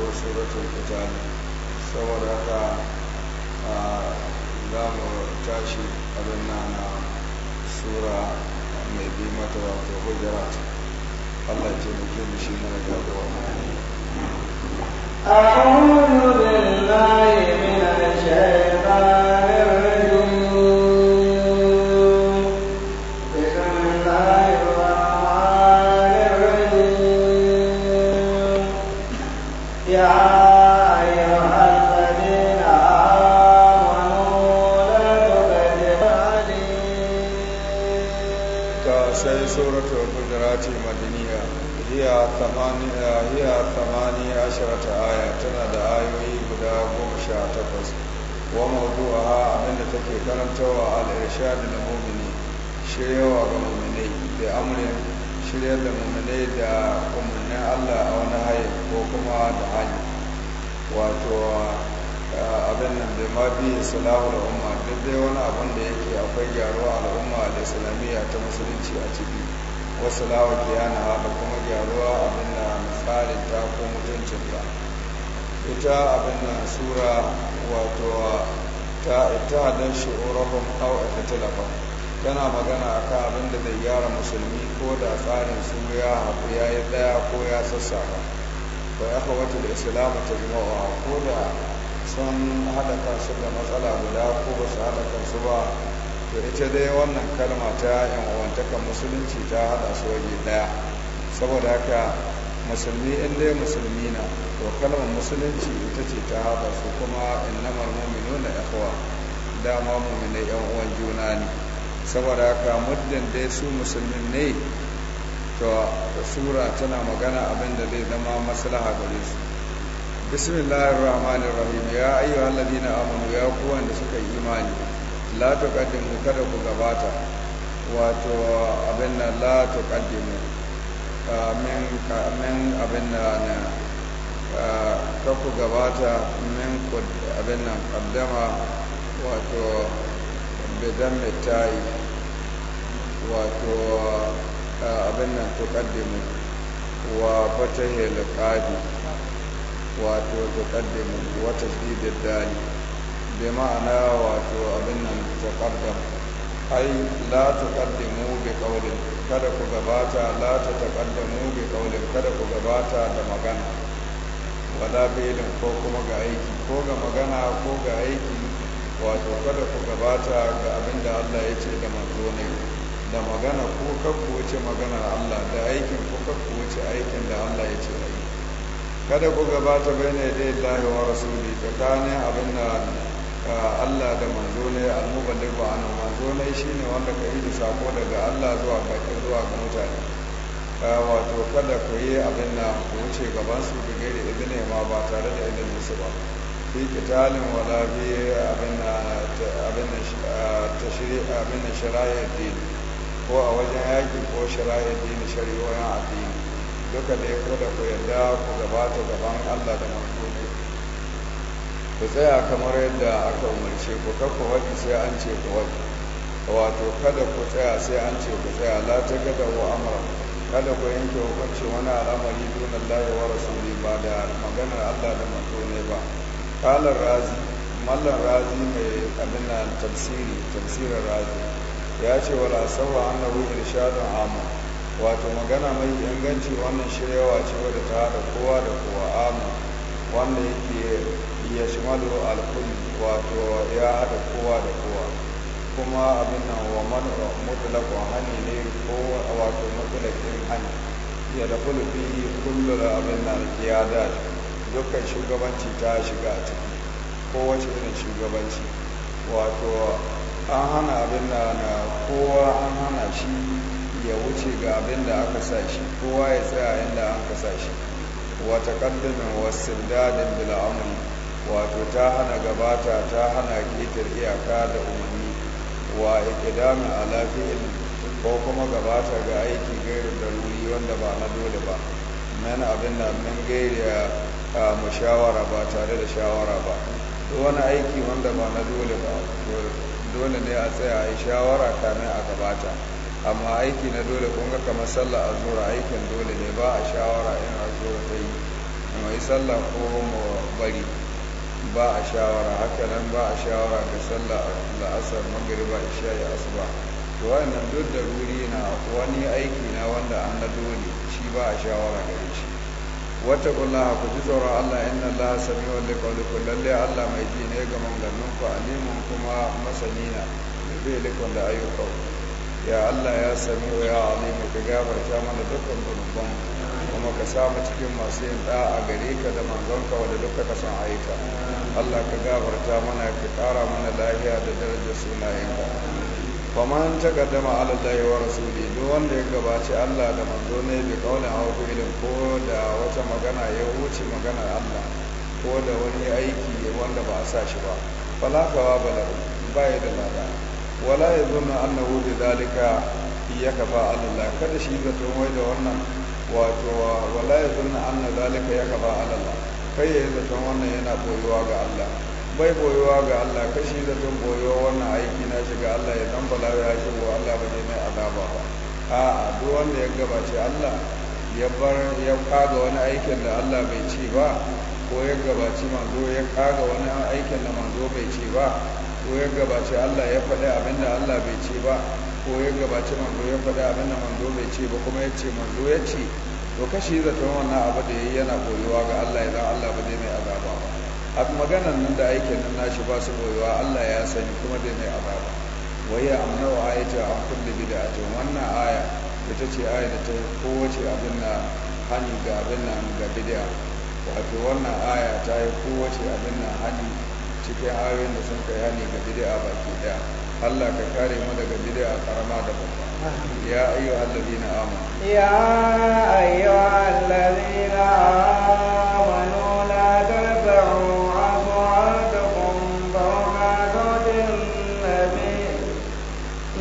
ko suratun fitar saboda haka a mu tashi abin na na sura mai bi mata wato hujjarat Allah ce muke da shi mana gaba wani أعوذ بالله من الشيطان wa mawdu'a abinda take karantawa al da lil mu'mini shiryawa ga mu'minai da amrin shiryar da mu'minai da umarnin Allah a wani hayi ko kuma da hali wato abin nan bai ma bi salahu al'umma duk dai wani abin da yake akwai gyaruwa al'umma da islamiyya ta musulunci a ciki wasu lawa kiyana haɗa kuma gyaruwa abin da tsarin ta ko mutuncin ta ita abin na sura wato ta ittahadan shu'urahum aw ikhtalafa kana magana akan abin da zai gyara musulmi ko da tsarin su ya haku ya yi ɗaya ko ya sassaka wa islamu ta islam tajma'u ko da sun hada kansu da matsala guda ko ba su hada kansu ba to ita dai wannan kalma ta yan uwantakan musulunci ta hada su waje ɗaya. saboda haka musulmi in dai musulmi na to kalmar musulunci ita ce ta haɗa su kuma innamar mummino na yahuwa dama mummino yan uwan juna ne saboda haka muddin dai su musulmin ne to sura tana magana abin da zai zama maslaha gare su bismillahir rahmanir rahim ya ayyuha alladhina amanu ya kuwan da suka yi imani la tuqaddimu kada ku gabata wato abin nan la tuqaddimu min abin nan ku gabata min abin nan kaddama wato bidan mitai wato abin nan tukaddimu wa fata helikadi wato tukaddimu wata shidid dali bi ma'ana wato abin nan tukaddam ai la tuqaddimu bi qawlin kada ku gabata la ta tataqaddamu bi qawlin kada ku gabata da magana wala belin ko kuma ga aiki ko ga magana ko ga aiki wato kada ku gabata ga abin da Allah ya ce da manzo ne da magana ko kakku wuce maganar Allah da aikin ko kakku wuce aikin da Allah ya ce ai kada ku gabata bayna yadai Allah wa rasuli tsakanin abin da Allah da manzo ne almubalin ba'ana manzo ne shine wanda ka yi da sako daga Allah zuwa ga zuwa ga mutane wato kada ku yi abin na ku wuce gaban su da gairi izini ma ba tare da izinin su ba fi kitalin wala bi abin na abin na shari'a din ko a wajen yaki ko shari'a dini shari'o'in addini duka da ya kada ku yarda ku gabata gaban Allah da manzoni ku tsaya kamar yadda aka umarce ku kafa waɗi sai an ce ku waɗi wato kada ku tsaya sai an ce ku tsaya la ta gada wa amara kada ku yanke hukunci wani al'amari dun Allah wa rasuli ba da maganar Allah da manzo ne ba kalar razi mallan razi mai abin nan tafsiri tafsirin razi ya ce wala sawa annahu irshadun amma wato magana mai inganci wannan shiryawa ce wadda ta haɗa kowa da kowa amma wanda yake ya shimalu alkul wato ya haɗa kowa da kowa kuma abin nan wa man mutlaqu hani ne ko wato mutlaqin hani ya da fulfi kullum abin nan qiyada dukkan shugabanci ta shiga a ciki kowace irin shugabanci wato an hana abin da na kowa an hana shi ya wuce ga abin da aka sa shi kowa ya tsaya inda an ka sa shi wata kaddamin wasu dadin bil'amuri wato ta hana gabata ta hana ketar iyaka da umar wa ikidami ala fi'il ko kuma gabata ga aiki gairu da ruri wanda ba na dole ba nan abin da nan gairi a mushawara ba tare da shawara ba wani aiki wanda ba na dole ba dole ne a tsaya a yi shawara kamin a gabata amma aiki na dole kun ga kamar sallah a zura aikin dole ne ba a shawara in a zura ta yi mai sallah ko mu bari ba a shawara haka nan ba a shawara ga sallah la'asar magariba isha'i asuba to wannan duk da ruri na wani aiki na wanda an na dole shi ba a shawara gare shi wata kulla ku ji tsoron allah inna allah sami wanda kwalikun lalle allah mai ji ne ga manganin ku alimun kuma masani na da likon da ayyukan ya allah ya sami ya alimu ka gafarta mana dukkan zunubanmu kuma ka samu cikin masu yin da'a gare ka da manzonka wadda duka ka san aika Allah ka gafarta mana ka kara mana lahiya da darajar sunayenka faman ta kaddama alallahi wa rasuli duk wanda ya gabaci Allah da manzo ne bi kaulin aw fi'lin ko da wata magana ya wuce maganar Allah ko da wani aiki wanda ba a sa shi ba fala kawa bala ba ya da lada wala yazunnu annahu bi zalika yakafa alallahi kada shi ga wai da wannan wato wala ya zunna anna zalika ya kafa alalla kai ya yi zaton wannan yana boyuwa ga Allah bai boyuwa ga Allah kashi zaton boyuwa wannan aiki na shiga Allah ya dan bala ya shigo Allah ba zai mai azaba ba a'a duk wanda ya gabace Allah ya bar ya kaga wani aikin da Allah bai ci ba ko ya gabaci manzo ya kaga wani aikin da manzo bai ci ba ko ya gabaci Allah ya faɗi abin da Allah bai ci ba ko ya gabaci manzo ya faɗi abin da manzo bai ce ba kuma ya ce manzo ya ce to kashi ta wannan abu da yi yana koyuwa ga Allah idan Allah ba zai mai azaba ba a maganan nan da aikin nan nashi ba su koyuwa Allah ya sani kuma zai mai azaba amna amnau ce an kulli bid'atin wannan aya ita ce aya da ta kowace abin na hani ga abin nan ga bid'a wato wannan aya ta yi kowace abin nan hani cikin ayoyin da sun kai hani ga bid'a baki daya Allah ka kare mu daga bid'a karama da babba ya ayyuhal ladina amanu ya ayyuhal ladina amanu la tarfa'u aswatakum fawqa sawtin nabi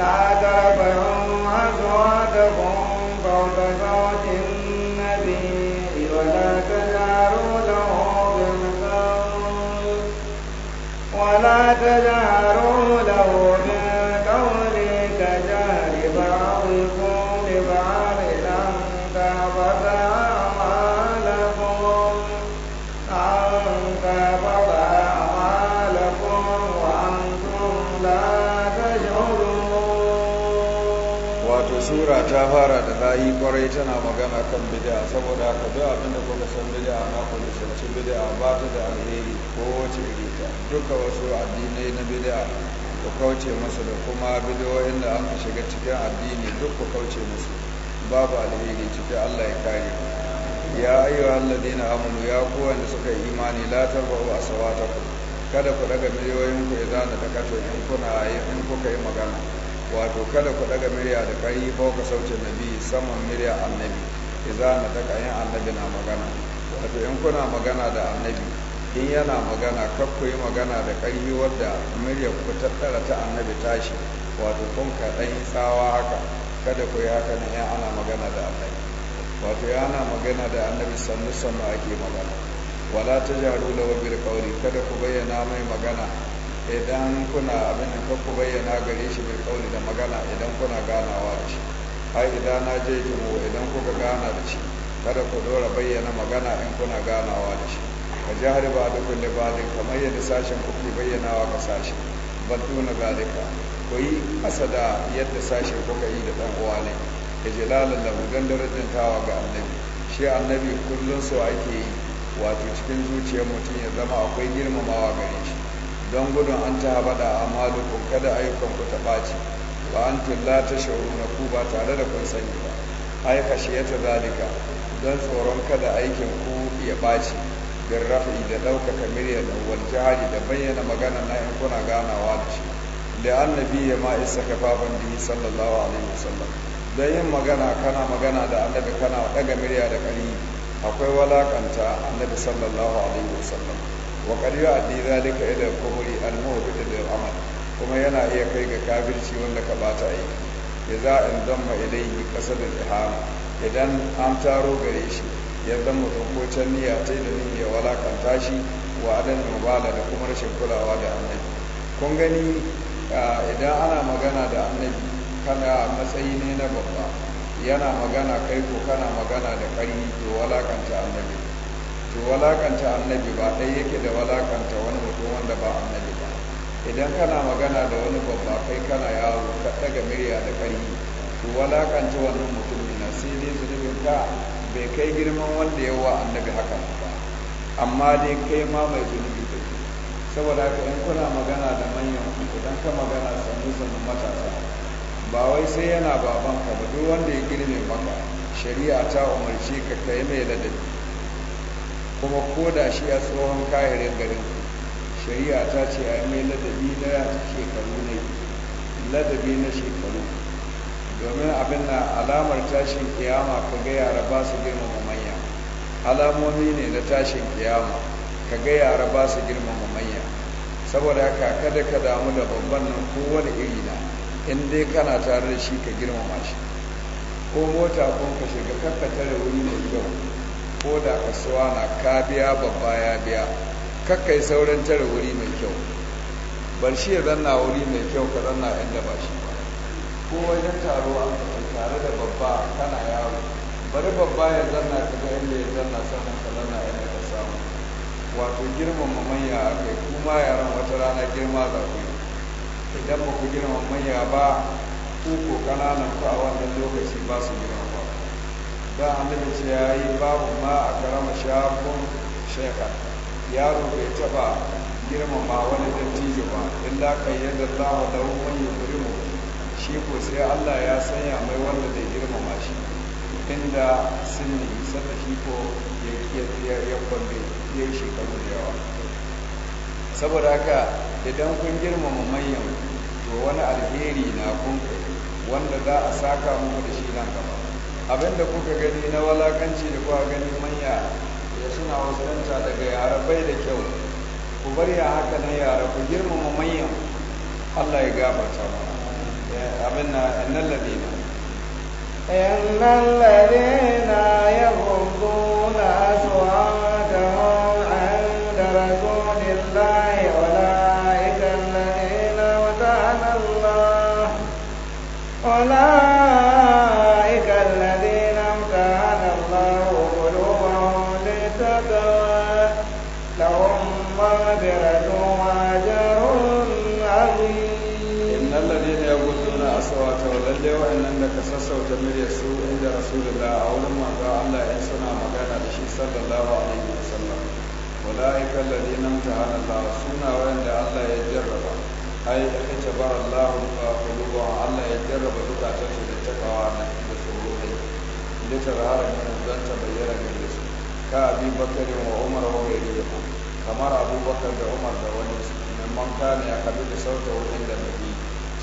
la tarfa'u aswatakum fawqa sawtin nabi wa la tajharu lahu bil qawl wa la tajharu sura ta fara da layi kwarai tana magana kan bid'a saboda haka duk abin da kuka san bid'a na ku nisanci bid'a ba ta da alheri ko wace iri duka wasu addinai na bid'a ku kauce musu da kuma bidiyoyin da an ka shiga cikin addini duk ku kauce musu babu alheri cikin Allah ya kare ya ayyuha alladina amanu ya ku wanda suka yi imani la tarfa'u ku. kada ku daga miliyoyin ku idan da takato in kuna in kuka yi magana wato kada ku daga murya da kai fauka sautin nabi saman murya annabi idza na daga yin annabi na magana wato in kuna magana da annabi in yana magana kar ku yi magana da ƙarfi wadda murya ku tattara ta annabi tashi wato kun dan tsawa haka kada ku yi haka ne in ana magana da annabi wato ya ana magana da annabi sannu sannu ake magana wala ta jaru da wabir kauri kada ku bayyana mai magana idan kuna abin da ku bayyana gare shi bai kauli da magana idan kuna ganawa da shi ai idan na je jumo idan kuka gana da shi kada ku dora bayyana magana in kuna ganawa da shi ka ji har ba da kulle ba da kamar yadda sashen ke bayyanawa ka sashi baddu na zalika ku yi kasa da yadda sashen kuka yi da dan uwa ne ka ji lalala don tawa ga annabi shi annabi kullum su ake yi wato cikin zuciyar mutum ya zama akwai girmamawa gare shi don gudun an ta habada a maluku kada ayyukan ku ta ɓaci ba an tun ta shauru na ku ba tare da kun sani ba ai ta zalika don tsoron kada aikin ku ya ɓaci bin rafi da ɗaukaka miliyan wani jihadi da bayyana magana na 'yan kuna ganawa da shi da annabi ya ma isa faɓan bihi sallallahu alaihi wasallam don yin magana kana magana da annabi kana ɗaga miliya da ƙari akwai walakanta annabi sallallahu alaihi wasallam Waƙar ƙarya a ɗira duka ila kumuri da amal kuma yana iya kai ga kafirci wanda ka bata aiki ya za in yi kasa da jihama idan an taro gare shi ya zama tumbocin niyya ta yi da ya walakanta shi wa adan mubala da kuma rashin kulawa da annabi kun gani idan ana magana da annabi kana matsayi ne na babba yana magana kai ko kana magana da ƙarni to walakanta annabi to walakanta annabi ba ɗaya yake da walakanta wani mutum wanda ba annabi ba idan kana magana da wani babba kai kana yaro ka daga murya da ƙarfi to walakanta wannan mutum na sai dai zunubin ka bai kai girman wanda ya wa annabi haka ba amma dai kai ma mai zunubi da ke saboda haka in kuna magana da manyan idan ka magana sannu sannu matasa ba wai sai yana babanka ba duk wanda ya girme maka shari'a ta umarce ka kai mai ladabi kuma ko da shi a tsohon kayarin garin shari'a ta ce a mai ladabi na shekaru ne ladabi na shekaru domin abin na alamar tashin kiyama ka ga yara ba su girmama manya alamomi ne na tashin kiyama ka ga yara ba su girmama manya saboda haka kada ka damu da babban nan kowane iri na in dai kana tare da shi ka girmama shi ko mota ko ka shiga kakka tare wuri mai kyau ko da kasuwa na ka biya babba ya biya Kakai sauran tare wuri mai kyau bar shi ya zanna wuri mai kyau ka zanna inda ba shi ba ko wajen taro an kai tare da babba kana yaro bari babba ya zanna ka ga inda ya zanna sannan ka zanna inda ka samu wato girmama manya a kai kuma yaran wata rana girma za ku yi idan ba ku girmama manya ba ku ko ƙananan ku a wannan lokaci ba su girma don annabi ce ya yi babu ma a karama shafin shekar yaro bai taba girmama wani dattijo ba yadda kayyada lawa da man yukrimu shi ko sai Allah ya sanya mai wanda zai girmama shi inda sinni sanda shi ko ya kwambe ya yi shekaru da yawa saboda haka idan kun girmama manyan to wani alheri na kun wanda za a saka muku da shi nan gaba abinda kuka gani na walakanci da kuka gani manya ya suna wasulunta daga yara bai da kyau ku bari ya haka na yara ku girmama manyan Allah ya gabata mana abin na innan ladina innan ladina ya gudu na aswa hau da da yawan waɗannan da ka sassauta murya su inda rasulullah a wurin manzo Allah in suna magana da shi sallallahu alaihi wasallam ulaika alladhina imtahana Allah suna wanda Allah ya jarraba ai kace ba Allah quluba Allah ya jarraba zukatan su da takawa da tsoro dai da tarara ne dan ta bayyana gare su ka abi bakari wa umar wa gairiya kamar abubakar da umar da wani su man ne a kabi da sauta wajen da nabi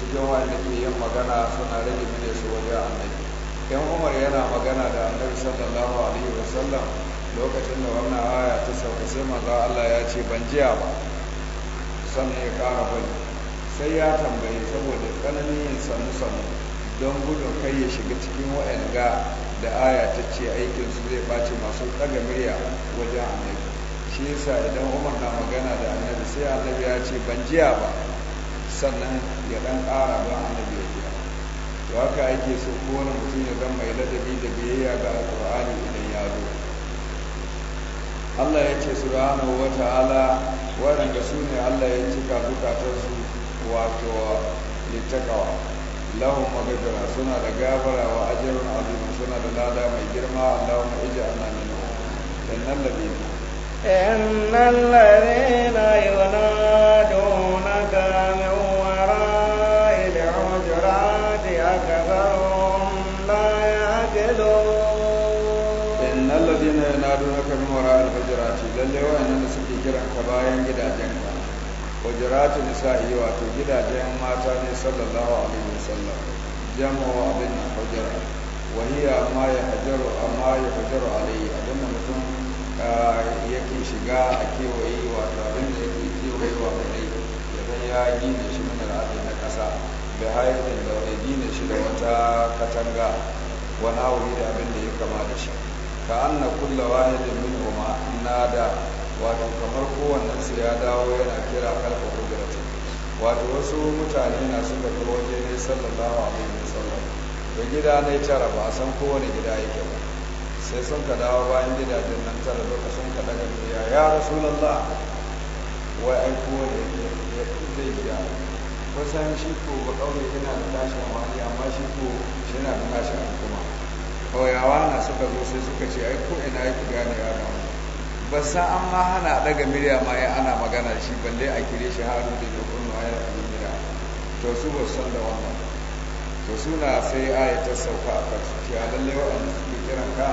cikin wanda ke yin magana suna rage mini su wajen annabi yan umar yana magana da annabi sallallahu alaihi wasallam lokacin da wannan aya ta sauka sai manzo Allah ya ce ban jiya ba san ya kara bari sai ya tambaye saboda tsananin yin sanu-sanu don gudun kai ya shiga cikin wa'anga da aya ta ce aikin su zai ɓaci masu ɗaga murya wajen annabi shi yasa idan umar na magana da annabi sai annabi ya ce ban jiya ba sannan ya dan ƙara don nabi ya biya to haka yake so wani mutum ya zama mai ladabi da biyayya ga alƙur'ani idan ya zo Allah ya ce subhanahu wa ta'ala waɗanda su ne Allah ya cika zukatarsu wato littakawa lahun magagara suna da gafara wa ajiyar azumin suna da lada mai girma Allahumma iji ana minu innan labina innan labina yunadunaka min lalle wayannan da suke kiran ka bayan gidajen ka hujuratu nisa'i wato gidajen mata ne sallallahu alaihi wasallam jama'u abin hujura wa hiya ma yahjuru amma yahjuru alaihi abin da mutum yake shiga a kewaye wato abin da yake kewaye wa kai ya zan ya gina shi mana al'adun na kasa bai haifin da wani gina shi da wata katanga wani wuri da abin da ya kama da shi ka anna kulla wahidin min huma nada wato kamar kowanne su ya dawo yana kira kalfa hujjati wato wasu mutane na suka ga waje ne sallallahu alaihi wasallam to gida ne tara ba san kowane gida yake ba sai sun ka dawo bayan gidajen nan tara duka sun ka daga ya ya rasulullah wai ai kowane ya zai gida kusan shi ko ba kauye yana da tashin wani amma shi ko shi na da tashin kuma kauyawa na suka zo sai suka ce ai ko ina kuga ne ya ba ba san an ma hana daga murya ma ya ana magana shi balle a kire shi haru da dokon ma ya rabu murya to su ba san da wannan to suna sai aya ta sauka a kansu ya lalle waɗanda suke kiran ka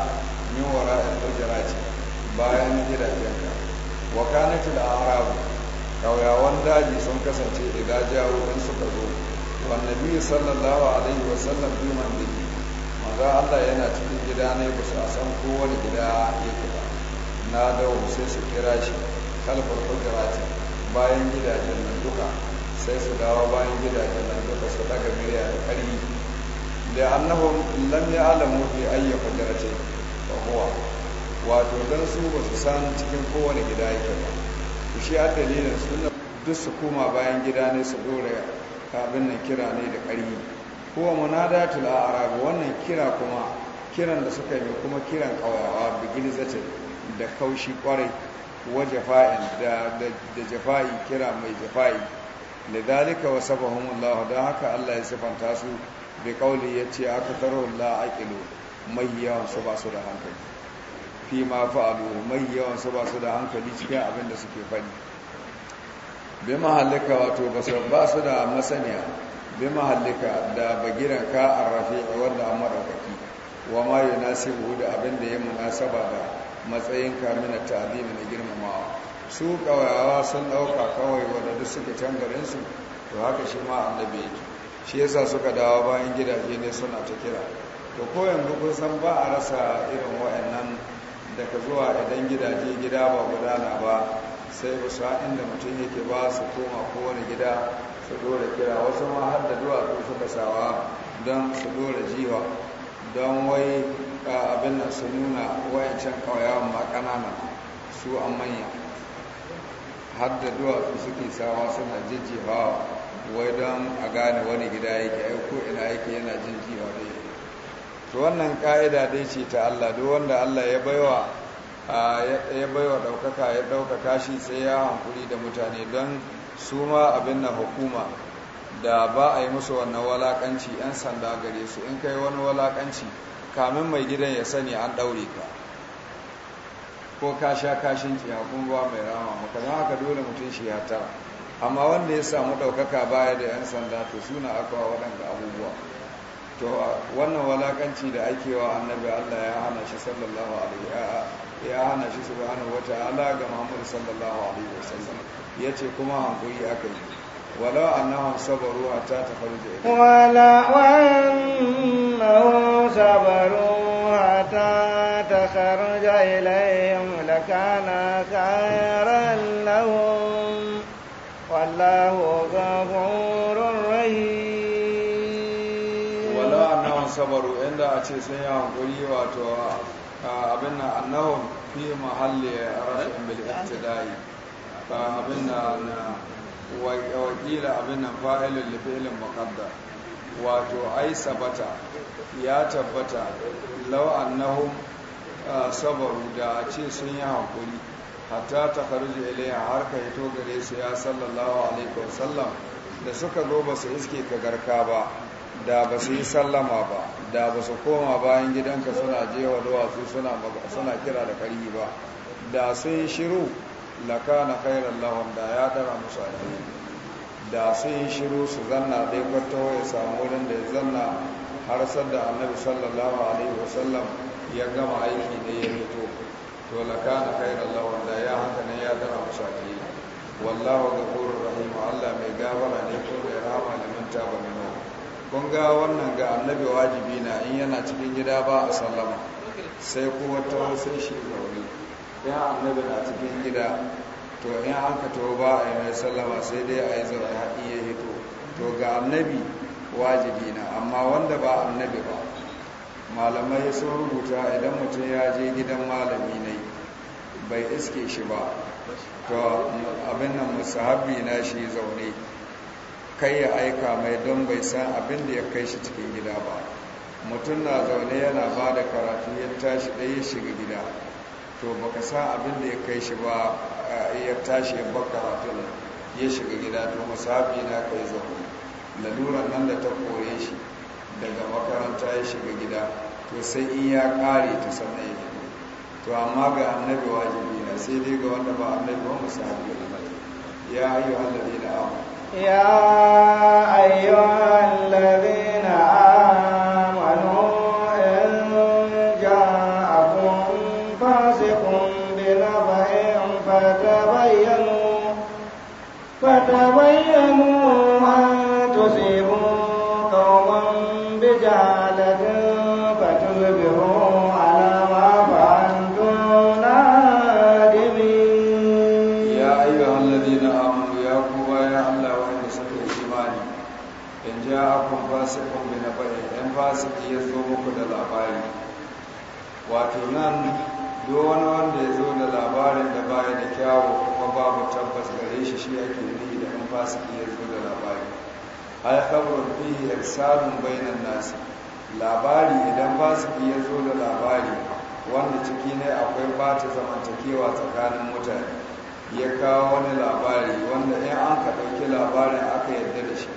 min wara da dojara ce bayan gidajen ka ce da an arab kauyawan daji sun kasance idan jawo in suka zo wannan biyu sallallahu alaihi wasallam biyu man bihi maza Allah yana cikin gida ne ba su san kowane gida ke ba na dawo sai su kira shi kalfar kudrati bayan gidajen nan duka sai su dawo bayan gidajen nan duka su daga murya da ƙarfi da annahum lam alamu fi ayyi kudrati ba kowa wato don su ba su san cikin kowane gida ke ba shi a dalilin suna duk su koma bayan gida ne su dora kabin nan kira ne da ƙarfi huwa munadatul a'rab wannan kira kuma kiran da suka yi kuma kiran ƙauyawa bigilzatin da kaushi kwarai wa jafa'in da jafa'i kira mai jafa'i lidhalika wasabahum Allah da haka Allah ya sifanta su bi qawli yace akatharu la aqilu mai yawan su ba su da hankali fi ma fa'alu mai yawan su ba su da hankali cikin abin da suke fadi. bi mahallaka wato ba su da masaniya bi mahallika da bagiranka arrafi wanda an madaukaki wa ma yunasibu da abin da ya munasaba da matsayinka mina ta'zimi na girmamawa su kawayawa sun dauka kawai wanda duk suke can garin su to haka shi ma annabi yake shi yasa suka dawo bayan gidaje ne suna ta kira to ko yanzu kun san ba a rasa irin wa'annan daga zuwa idan gidaje gida ba gudana ba sai ba inda mutum yake ba su koma kowane gida su dora kira wasu ma har da duwatsu suka sawa don su dora jiwa don wai abin nan su nuna wayancan kawayawan ma su a manya har da duwatsu suke sawa suna jijjiwa wai don a gane wani gida yake aiko ko ina yake yana jin jiwa dai wannan ƙa'ida dai ce ta Allah duk wanda Allah ya baiwa ya bai wa ɗaukaka ya ɗaukaka shi sai ya hankuri da mutane don suma ma abin na hukuma da ba a yi musu wannan walakanci 'yan sanda gare su in kai wani walakanci kamin mai gidan ya sani an ɗaure ka ko ka sha kashin ciya kun ba mai rama maka haka dole mutum shi ya tara amma wanda ya samu ɗaukaka baya da 'yan sanda to suna akawa waɗanda abubuwa to wannan walakanci da aikewa annabi allah ya hana shi sallallahu alaihi ya hana shi subhanahu ala ga Muhammad sallallahu alaihi wasallam yace kuma hankuri aka yi walau annahum sabaru hatta tafarruja ilayhi wala annahum sabaru hatta tafarruja ilayhim lakana khayran lahum wallahu ghafurur rahim wala annahum sabaru inda a ce sun yi hankuri wato abin na annahum fi mahalli rafin bil ibtida'i abin na wakila abin na fa'ilun li fi'lin muqaddar wato ai sabata ya tabbata law annahum sabaru da ce sun yi hankuri hatta ta kharuji ilayya har ka hito gare su ya sallallahu alaihi wasallam da suka zo ba su iske ka garka ba da ba su yi sallama ba da ba su koma bayan gidanka suna jewa duwatsu suna kira da karhi ba da sun shiru laka na khairar lahon da ya dara musu yi. da sun shiru su zanna dai kwato ya samu wurin da ya zanna har da annabi sallallahu alaihi wasallam ya gama aiki ne ya fito to laka na khairar lahon da ya haka ne ya dara musu Wallawa wallahu ghafurur rahim Allah mai gabara ne ko mai rama liman taba min kun ga wannan ga annabi wajibi na in yana cikin gida ba a sallama sai kuma ta sai shi wuri ya annabi na cikin gida to in an ka to ba a yi mai sallama sai dai a yi zaune haɗi ya hito to ga annabi wajibi na amma wanda ba annabi ba malamai sun rubuta idan mutum ya je gidan malami ne bai iske shi ba to abin nan musahabi na shi zaune kai ya aika mai don bai san abin da ya kai shi cikin gida ba mutum na zaune yana ba da karatu ya tashi ɗaya shiga gida to baka san abin da ya kai shi ba ya tashi ya bar karatun ya shiga gida to musafi na kai zaune lalura nan da ta kore shi daga makaranta ya shiga gida to sai in ya kare ta sannan ya to amma ga annabi wajibi na sai dai ga wanda ba annabi ba musafi ya ayyuhan ladina amanu يا أيها الذين آمنوا إن جاءكم فاسق بنبأ فتبينوا فتبينوا أن تصيبوا قوما بجهالة fasiki ya zo muku da labari wato nan duk wani wanda ya zo da labarin da baya da kyawu kuma babu tabbas gare shi shi ake nufi da in ya zo da labari ai khabarun fihi irsalun bainan nasi, labari idan fasiki ya zo da labari wanda ciki ne akwai bata zamantakewa tsakanin mutane ya kawo wani labari wanda in an ka ɗauki labarin aka yarda da shi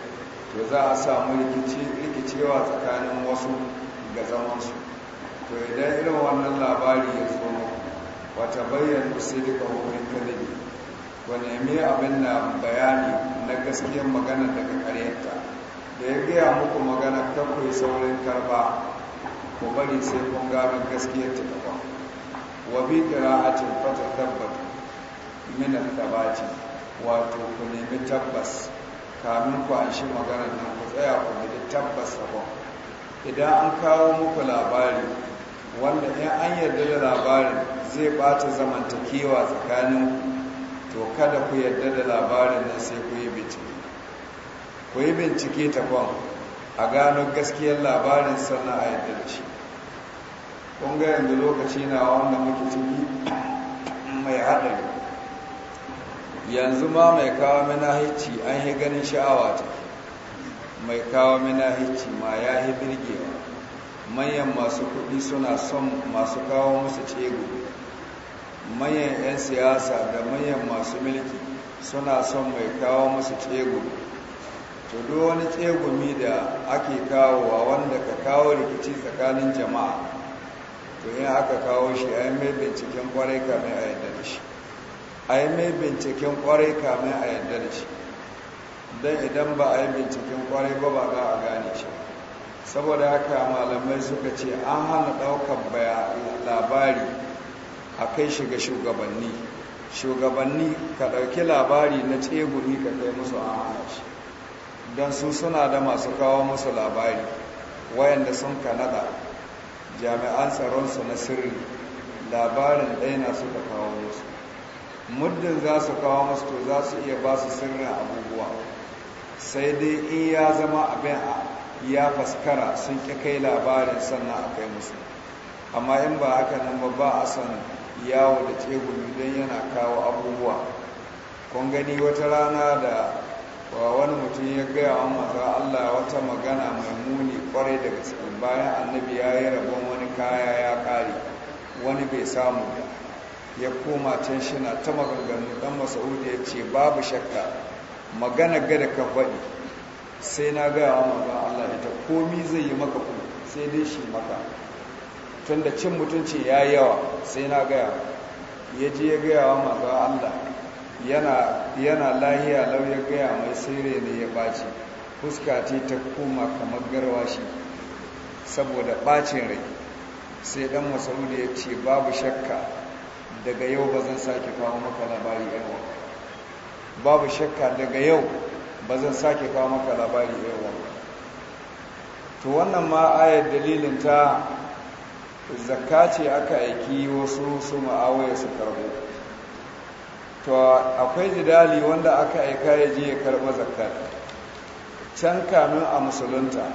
to za a samu rikici cewa tsakanin wasu ga zamansu to idan irin wannan labari ya zo wata bayyana sai duka hukumin kalibi wani nemi abin da bayani na gaskiyar magana daga karyarta da ya gaya muku magana ta kuwa saurin karba ku bari sai kun gano gaskiyar ta gaba wa bi qira'atin fata tabbat min tabbaci wato ku nemi tabbas kamin ku an shi maganar nan ku tsaya ku gidi tabbas sabon idan an kawo muku labari wanda in an yarda da labarin zai bata zamantakewa tsakanin to kada ku yarda da labarin nan sai ku yi bincike ku yi bincike ta kwan a gano gaskiyar labarin sannan a yarda da shi kun ga yanzu lokaci na wanda muke ciki mai haɗari yanzu ma mai kawo manahici an yi ganin sha'awa ta mai kawo manahici ma ya yi birgewa manyan masu kuɗi suna son masu kawo musu cego manyan 'yan siyasa da manyan masu mulki suna son mai kawo musu cego to duk wani tsegumi da ake kawowa wanda ka kawo rikici tsakanin jama'a to yin aka kawo shi a yi mai binciken kwarai kamar a yadda da shi a yi mai binciken kwarai kamar a yadda da shi don idan ba a yi binciken kwarai ba ba za a gane shi saboda haka malamai suka ce an hana ɗaukar labari a kai shiga shugabanni shugabanni ka ɗauki labari na tsegumi ka kai musu an hana shi don su suna da masu kawo musu labari wayanda sun kanada jami'an tsaronsu na sirri labarin ɗaya na suka kawo musu muddin za su kawo masu to za su iya ba su sirrin abubuwa sai dai in ya zama abin ya faskara sun ƙi kai labarin sannan a kai musu amma in ba haka nan ba ba a son yawo da tegumi don yana kawo abubuwa kun gani wata rana da wani mutum ya gaya wa maza Allah wata magana mai muni kwarai daga cikin bayan annabi ya yi rabon wani kaya ya kare wani bai samu ba ya koma can shi na ta maganganu dan masaudi ya ce babu shakka magana gada ka faɗi sai na gaya wa magan allah ita komi zai yi maka ku sai dai shi maka tun da cin mutunci ya yawa sai na gaya ya je ya gaya wa magan allah yana lahiya lau gaya mai sirri ne ya ɓaci fuska ce ta koma kamar shi saboda ɓacin rai sai dan masaudi ya ce babu shakka daga yau ba zan sake kawo maka labari yawa babu shakka daga yau ba zan sake kawo maka labari yawa to wannan ma ayar dalilin ta zakka ce aka aiki wasu su ma'awaya su karbo to akwai jidali wanda aka aika ya je ya karba zakkar can kamin a musulunta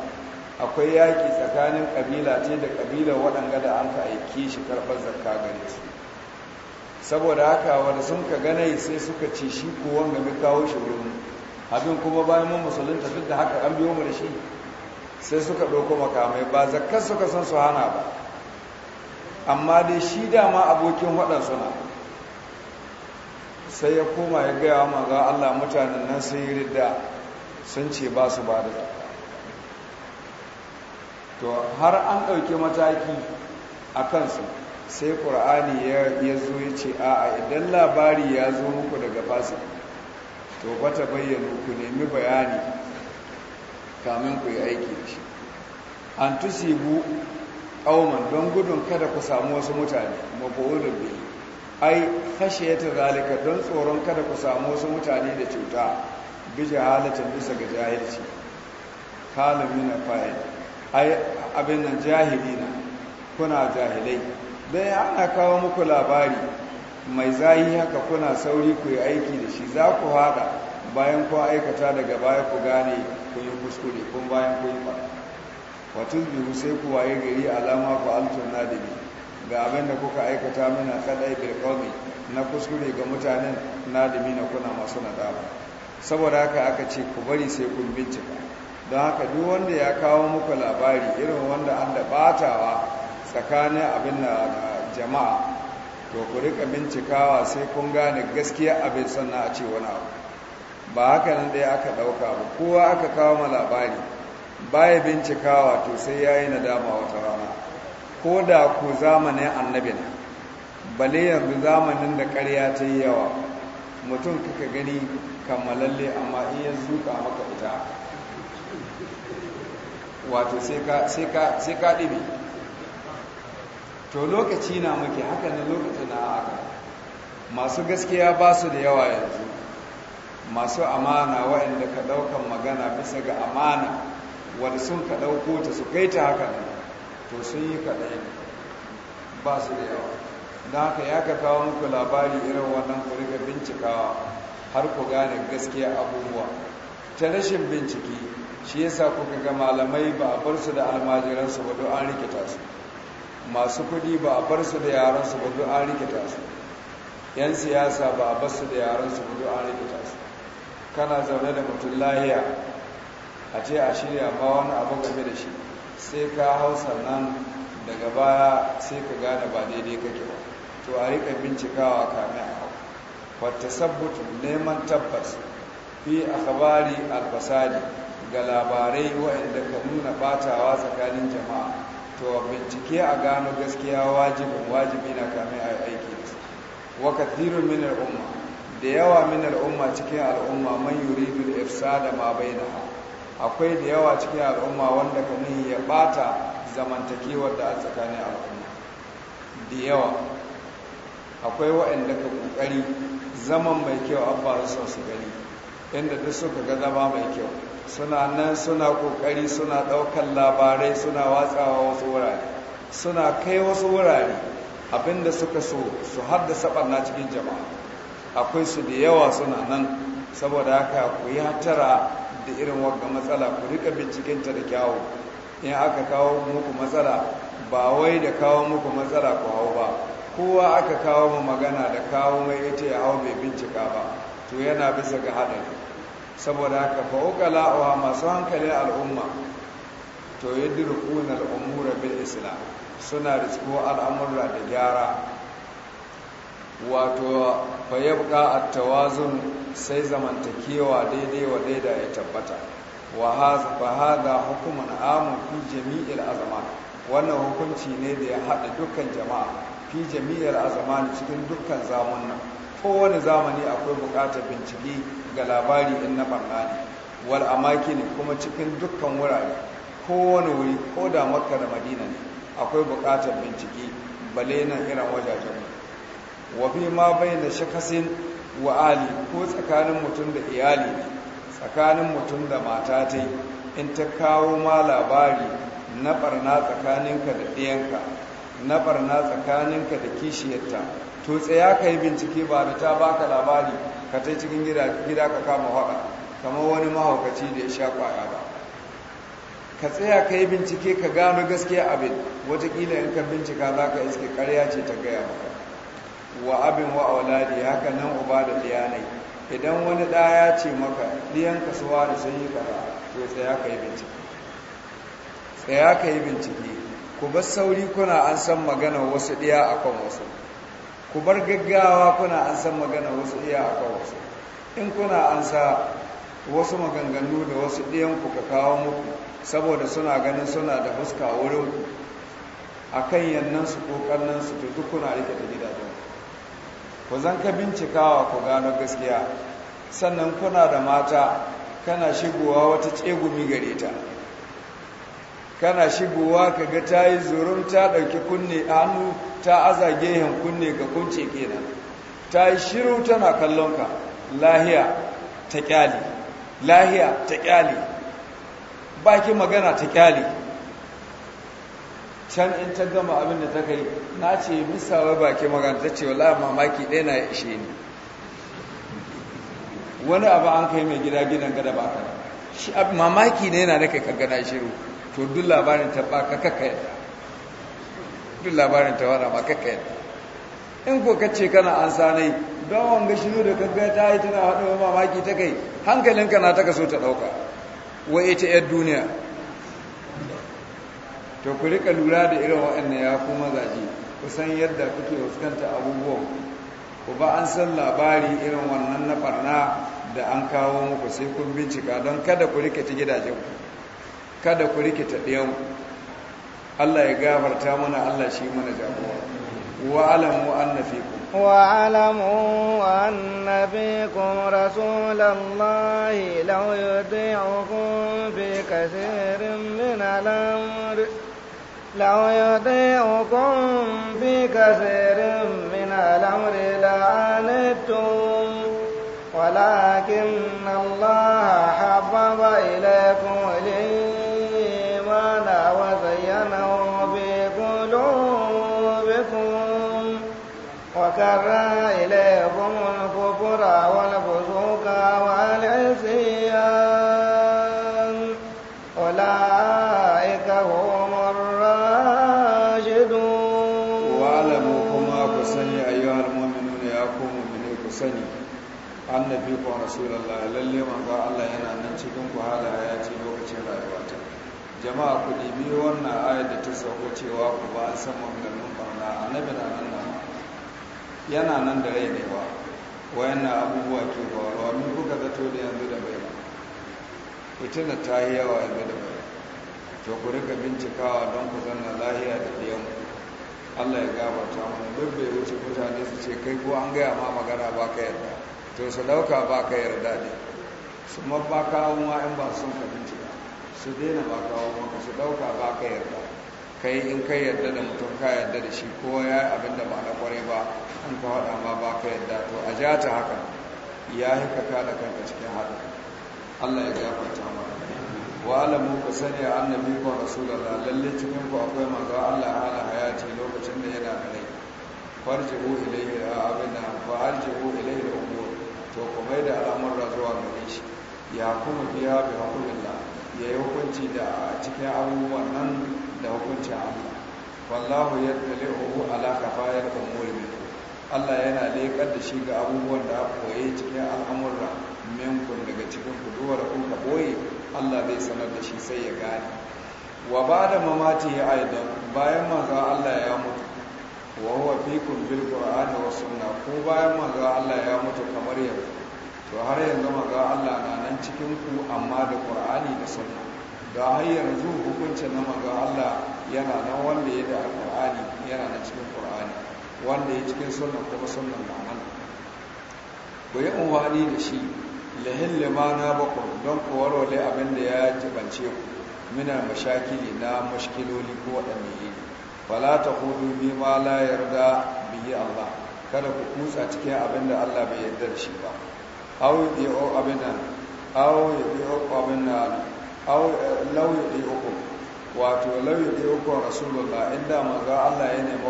akwai yaƙi tsakanin ƙabila ce da ƙabila waɗanda da an ka aiki shi karɓar zakka gare su saboda haka wanda sun ka ganai sai suka ce shi ko wanga mai kawo shi wurin abin kuma bayan mun musulunta duk da haka an biyo mu da shi sai suka ɗauko makamai ba zakar suka san su hana ba amma dai shi dama abokin waɗansu na sai ya koma ya gaya wa maza Allah mutanen nan sun yi ridda sun ce ba su ba da to har an ɗauki mataki a kansu sai ƙur'ani ya zo ya ce a'a idan labari ya zo muku daga fasa to wata bayyana ku nemi bayani kamin ku yi aiki da shi an bu ƙauman don gudun kada ku samu wasu mutane mabu'ulun bi ai fashe ta zalika don tsoron kada ku samu wasu mutane da cuta bi halittar bisa ga jahilci kalamina fa'il ai abin nan jahilina kuna jahilai ya ana kawo muku labari mai zai haka kuna sauri ku yi aiki da shi za ku haɗa bayan ku aikata daga baya ku gane ku yi kuskure kun bayan ku yi ba wata biyu sai ku waye gari alama ku altun da ga abin da kuka aikata mana kadai bilkomi na kuskure ga mutanen nadimi na kuna masu nadama saboda haka aka ce ku bari sai kun bincika don haka duk wanda ya kawo muku labari irin wanda an da batawa tsakanin abin da jama'a to ku rika bincikawa sai kun gane gaskiya abin sannan a ce wani abu ba haka nan dai aka ɗauka ba kowa aka kawo ma labari baya bincikawa to sai ya yi nadama wata rana ko da ku zamanin annabin bale yanzu zamanin da karya ta yi yawa mutum kaka gani kammalalle amma iya zuka maka ita wato sai ka ɗibi to lokaci na muke haka na lokaci na haka masu gaskiya ba su da yawa yanzu masu amana waɗanda ka ɗaukan magana bisa ga amana wanda sun ka ɗauko ta su kai ta haka to sun yi kaɗai ba su da yawa don haka ya ka kawo muku labari irin wannan ku riga bincikawa har ku gane gaskiya abubuwa ta rashin bincike shi yasa kuka ga malamai ba a bar su da almajiransu ba don an rikita su masu kudi ba a bar su da yaran su gudu an rikita su yan siyasa ba a bar su da yaran su gudu an rikita su kana zaune da mutum lahiya a ce a shirya ma wani abu game da shi sai ka hau sannan daga baya sai ka gane ba daidai kake ba to a rika bincikawa kamin a hau wata sabbutu neman tabbas fi a kabari alfasadi ga labarai waɗanda ka nuna batawa tsakanin jama'a to bincike a gano gaskiya wajibin wajibi na kamin a aiki da su wa kathirun min al'umma da yawa min al'umma cikin al'umma man bil ifsa da ma da akwai da yawa cikin al'umma wanda ka ya bata zamantakewar da a tsakanin al'umma da yawa akwai waɗanda ka kokari zaman mai kyau sau su gani inda duk suka ga zama mai kyau suna nan suna kokari suna daukan labarai suna watsawa wasu wurare suna kai wasu wurare abinda suka so su haddasa barna cikin jama'a akwai su da yawa suna nan saboda haka ku yi hatara da irin wagga matsala ku rika bincikinta da kyawu in aka kawo muku matsala ba wai da kawo muku matsala ku hau ba kowa aka kawo mu magana da kawo mai ita ya hau bai bincika ba to yana bisa ga haɗari saboda haka fa wa masu hankalin al'umma to yadrukun al'umura bil islam suna risko al'amura da gyara wato fa yabqa at-tawazun sai zamantakewa daidai wa daidai ya tabbata wa hadha fa hadha fi jami'il azaman? wannan hukunci ne da ya haɗa dukkan jama'a fi jami'il azaman cikin dukkan zamanin kowane zamani akwai bukatar bincike ga labari in na barna ne wal amaki ne kuma cikin dukkan wurare kowane wuri ko da makka da madina ne akwai bukatar bincike bale na irin wajajen mu wa fi ma bayyana shakasin wa ali ko tsakanin mutum da iyali ne tsakanin mutum da mata ta yi, in ta kawo ma labari na barna tsakaninka da ɗiyanka na barna tsakaninka da kishiyarta to tsaya ka yi bincike ba da ta baka labari ka ta cikin gida ka kama haɗa kamar wani mahaukaci da ya sha ƙwaya ba ka tsaya ka yi bincike ka gano gaskiya abin watakila in ka bincika za ka iske karya ce ta gaya maka wa abin wa auladi haka nan uba da liyanai idan wani ɗa ce maka liyan kasuwa da sun yi kaza to tsaya ka yi bincike tsaya ka ku bar sauri kuna an san maganar wasu ɗiya akan wasu ku bar gaggawa kuna an san magana wasu iya a wasu in kuna an sa wasu maganganu da wasu ɗiyanku ka kawo muku saboda suna ganin suna da fuska wurin ku a kan yannan su ƙoƙannan su to duk kuna rike da gidajen ku zan ka bincikawa ku gano gaskiya sannan kuna da mata kana shigowa wata tsegumi gare ta kana shigowa ka ga ta yi zurum ta ɗauki kunne a hannu ta aza gehen kunne ga kunce kenan ta yi shiru tana kallon ka lahiya ta kyali lahiya ta ƙyale baki magana ta kyali can in ta gama abin da ta kai na ce misawa baki magana ta ce wala mamaki ɗaya na ishe ni wani abu an kai mai gida gidan gada ba ka mamaki ne yana da kai ka gana shiru to duk labarin ta ba ka kaka yadda duk labarin ta wara ba kaka yadda in ko ka ce kana an sanai don wanga shiru da kaga ta yi tana ba mamaki ta kai hankalinka na ta kaso ta ɗauka wa ita yar duniya to ku rika lura da irin waɗannan ya kuma zaji ku san yadda kuke fuskanta abubuwan ku ba an san labari irin wannan na barna da an kawo muku sai kun bincika don kada ku rika ci gidajen ku kada ku rikita ɗayan Allah ya gafarta mana Allah shi mana jagora wa alamu annafiku wa alamu annafikum rasulallahi law yuti'ukum fi kasirin fi kasirin min al-amr la'anitum ولكن الله حبب إليكم وكرر إليكم الكفر والفسوق والعصيان أولئك هم الراشدون واعلموا كما كسني أيها المؤمنون يا مؤمنين كسني annabikon rasulallah lalle manzo Allah yana nan cikin ku hala ya ce lokacin rayuwata jama'a ku dibi wannan ayat da ta sauko cewa ku ba an san nan yana nan da rai ne ba na abubuwa ke faruwa mun kuka zato da yanzu da bai na ta yi yawa yanzu da bai to ku rika bincikawa don ku zanna lahiya da biyan Allah ya gabata mana duk bai wuce mutane su ce kai ko an gaya ma magana ba ka yarda to su dauka ba ka yarda ne su ma ba kawo ma in ba sun ka bincika su daina ba kawo maka su dauka ba ka yarda kai in kai yarda da mutum ka yarda da shi ko ya yi abin da ba kware ba an ka haɗa ma ba ka yarda to a ja ta haka ya yi ka kada kanka cikin haɗa allah ya gafarta ma wa alamu ku sani a annabi ku da lalle cikin ku akwai manzo allah ala hayati lokacin da yana da rai farjihu ilayhi abin da farjihu ilayhi umur to kuma da al'amuran zuwa gare shi ya kuma biya bi hukumillah ya yi hukunci da cikin abubuwan nan da hukuncin Allah wallahu ya tsale uku alaka fayar da mulmi Allah yana leƙar da shi ga abubuwan da koye cikin al'amurra minkun daga cikin kuduwar kun ka boye Allah zai sanar da shi sai ya gane wa ba da mamati ya aida bayan manzo Allah ya mutu wa huwa fikum bil qur'ani was sunna ko bayan manzo Allah ya mutu kamar yanzu to har yanzu maga Allah na nan cikin ku amma da Qur'ani da Sunna da har yanzu hukunci na maga Allah yana nan wanda ya da Qur'ani yana nan cikin Qur'ani wanda ya cikin Sunna kuma Sunna na nan ku yi unwani da shi lahin limana bakwai don ku warware abin da ya jibance ku mina mashakili na mashkiloli ko waɗanda yi fala ta hudu bi ma la yarda biyi Allah kada ku kutsa cikin abin da Allah bai yarda da shi ba aw yudi'u abina aw yudi'u abina aw law yudi'ukum wato law yudi'ukum rasulullah inda manzo Allah ya nemi ku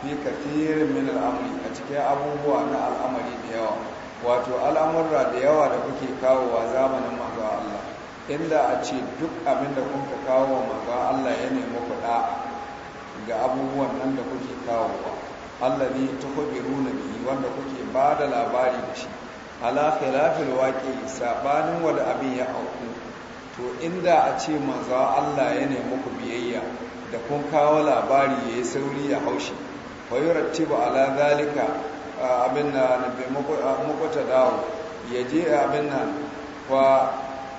fi kathirin min al'amri a cikin abubuwa na al'amari da yawa wato al'amurra da yawa da kuke kawowa zamanin manzo Allah inda a ce duk abin da kun ka kawo wa manzo Allah ya nemi ku ga abubuwan nan da kuke kawowa allazi tukhbiruna bihi wanda kuke ba da labari da shi ala khilafil waqi sabanin wal abin ya auku to inda a ce manzo Allah ya nemi ku biyayya da kun kawo labari yayi sauri ya haushi fa yurattibu ala zalika abin da nabi ta dawo yaje abin nan fa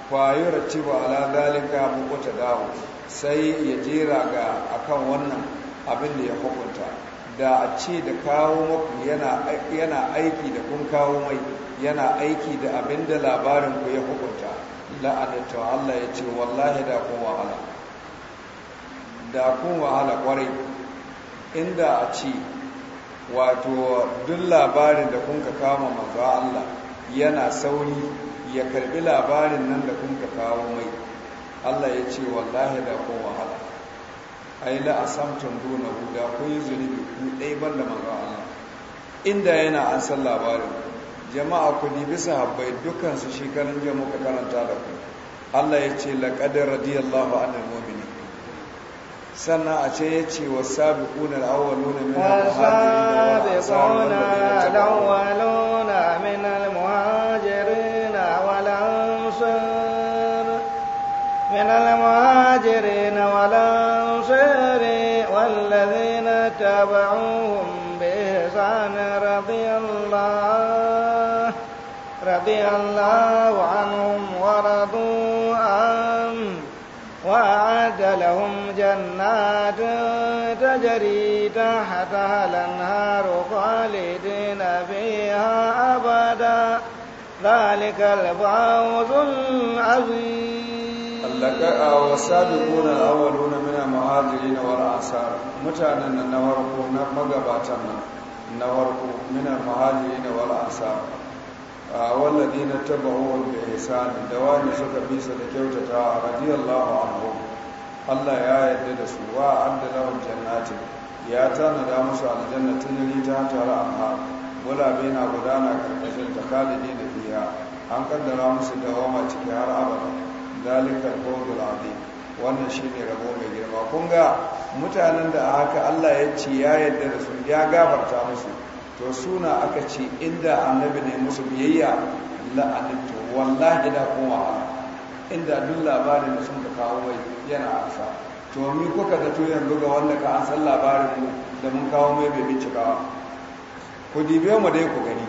fa yurattibu ala zalika ta dawo sai ya jera ga akan wannan abin da ya hukunta da a ce da kawo maku yana aiki da kun kawo mai yana aiki da abin da labarin ku ya hukunta la'adatta Allah ya ce wallahi da kun wahala da kun wahala kwarai inda a ce wato duk labarin da kun ka kama maza Allah yana sauri ya karbi labarin nan da kun ka kawo mai Allah ya ce wallahi da kun wahala ai la asamtum dunahu da ku yi zunubi ku dai balla manzo Allah inda yana an san labarin jama'a ku bisa sahabbai dukkan shekaran shi kanin je muka karanta da ku Allah ya ce laqad radiyallahu anil mu'minin sannan a ce ya ce wa sabiquna al-awwaluna min al-muhajirin wal ansar min al-muhajirin تابعوهم بإحسان رضي الله رضي الله عنهم ورضوا عنه وأعد لهم جنات تجري تحتها الأنهار خالدين فيها أبدا ذلك الفوز العظيم laqa'a wa sabiquna al-awwaluna min al-muhajirin wal ansar mutanen nan na farko na magabatan nan na farko min al-muhajirin wal ansar walladina tabawu bi ihsan da wani suka bi su da kyautata radiyallahu anhu Allah ya yarda da su wa adda lahum jannati ya tanada musu aljanna tunani ta tare amma gulabe na gudana karkashin ta kalidi da biya an kaddara musu dawama ciki har abada dalikar qawlul azim wannan shi ne rabo mai girma kun ga mutanen da a haka Allah ya ci ya yarda da su ya gafarta musu to suna aka ce inda annabi ne musu biyayya la'anatu wallahi da kuma inda duk labarin sun da kawo mai yana arsa to mi kuka da to yanzu ga wanda ka an san labarin mu da mun kawo mai bai bincikawa ku dibe mu dai ku gani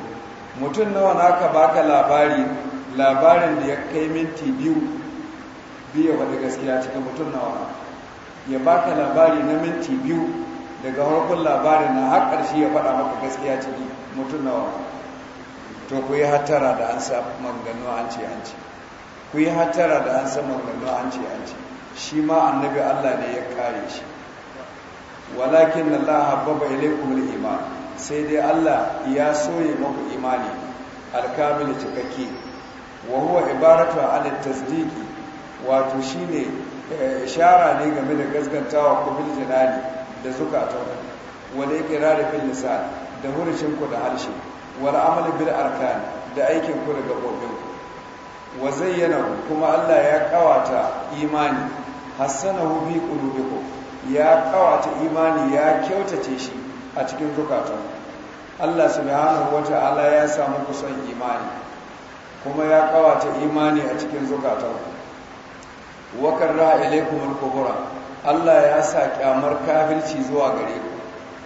mutum nawa naka baka labari labarin da ya kai minti biyu biya wadda gaskiya cikin mutum nawa ya baka labari na minti biyu daga harkun labarin na har ƙarshe ya faɗa maka gaskiya ciki mutum nawa to ku yi hattara da an sa maganganu an ce an ce ku yi hattara da an sa maganganu an ce an ce shi ma annabi Allah ne ya kare shi walakin na Allah habbaba ilaykum al-iman sai dai Allah ya soye maku imani alkamil cikakke wa huwa ibaratu ala tasdiqi wato shi ne eh, shara ne game da gaskantawa kubil jinani da zukatan wal da bil lisan da hurucin ku da harshe wal amal bil arkan da aikin ku da gabobin ku wa zayyana kuma Allah ya kawata imani hassanahu bi ku, ya kawata imani ya kyautace shi a cikin zukatan Allah subhanahu wata'ala ya samu kusan imani kuma ya kawata imani a cikin zukatan wakar karra ilaykum al Allah ya sa kyamar kafirci zuwa gare ku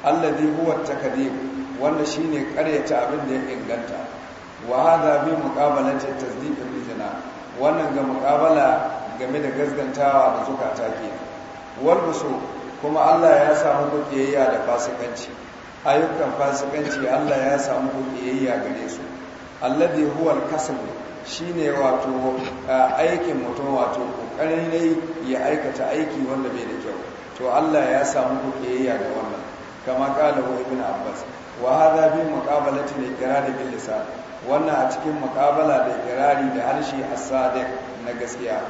allah zai huwar wanda shine karyata abin da ya inganta wa hadha bi muqabalati at-tasdiq wannan ga mukabala game da gazgantawa da zukata ke wal busu kuma Allah ya samu muku da fasikanci ayyukan fasikanci Allah ya samu muku gare su alladhi huwa al shine wato aikin mutum wato ƙoƙarin ne ya aikata aiki wanda bai da kyau to Allah ya samu yi ga wannan kama ƙala wa ibn abbas wa hadha bi muqabalati al da bil lisan wannan a cikin muqabala da iqrari da harshe as-sadiq na gaskiya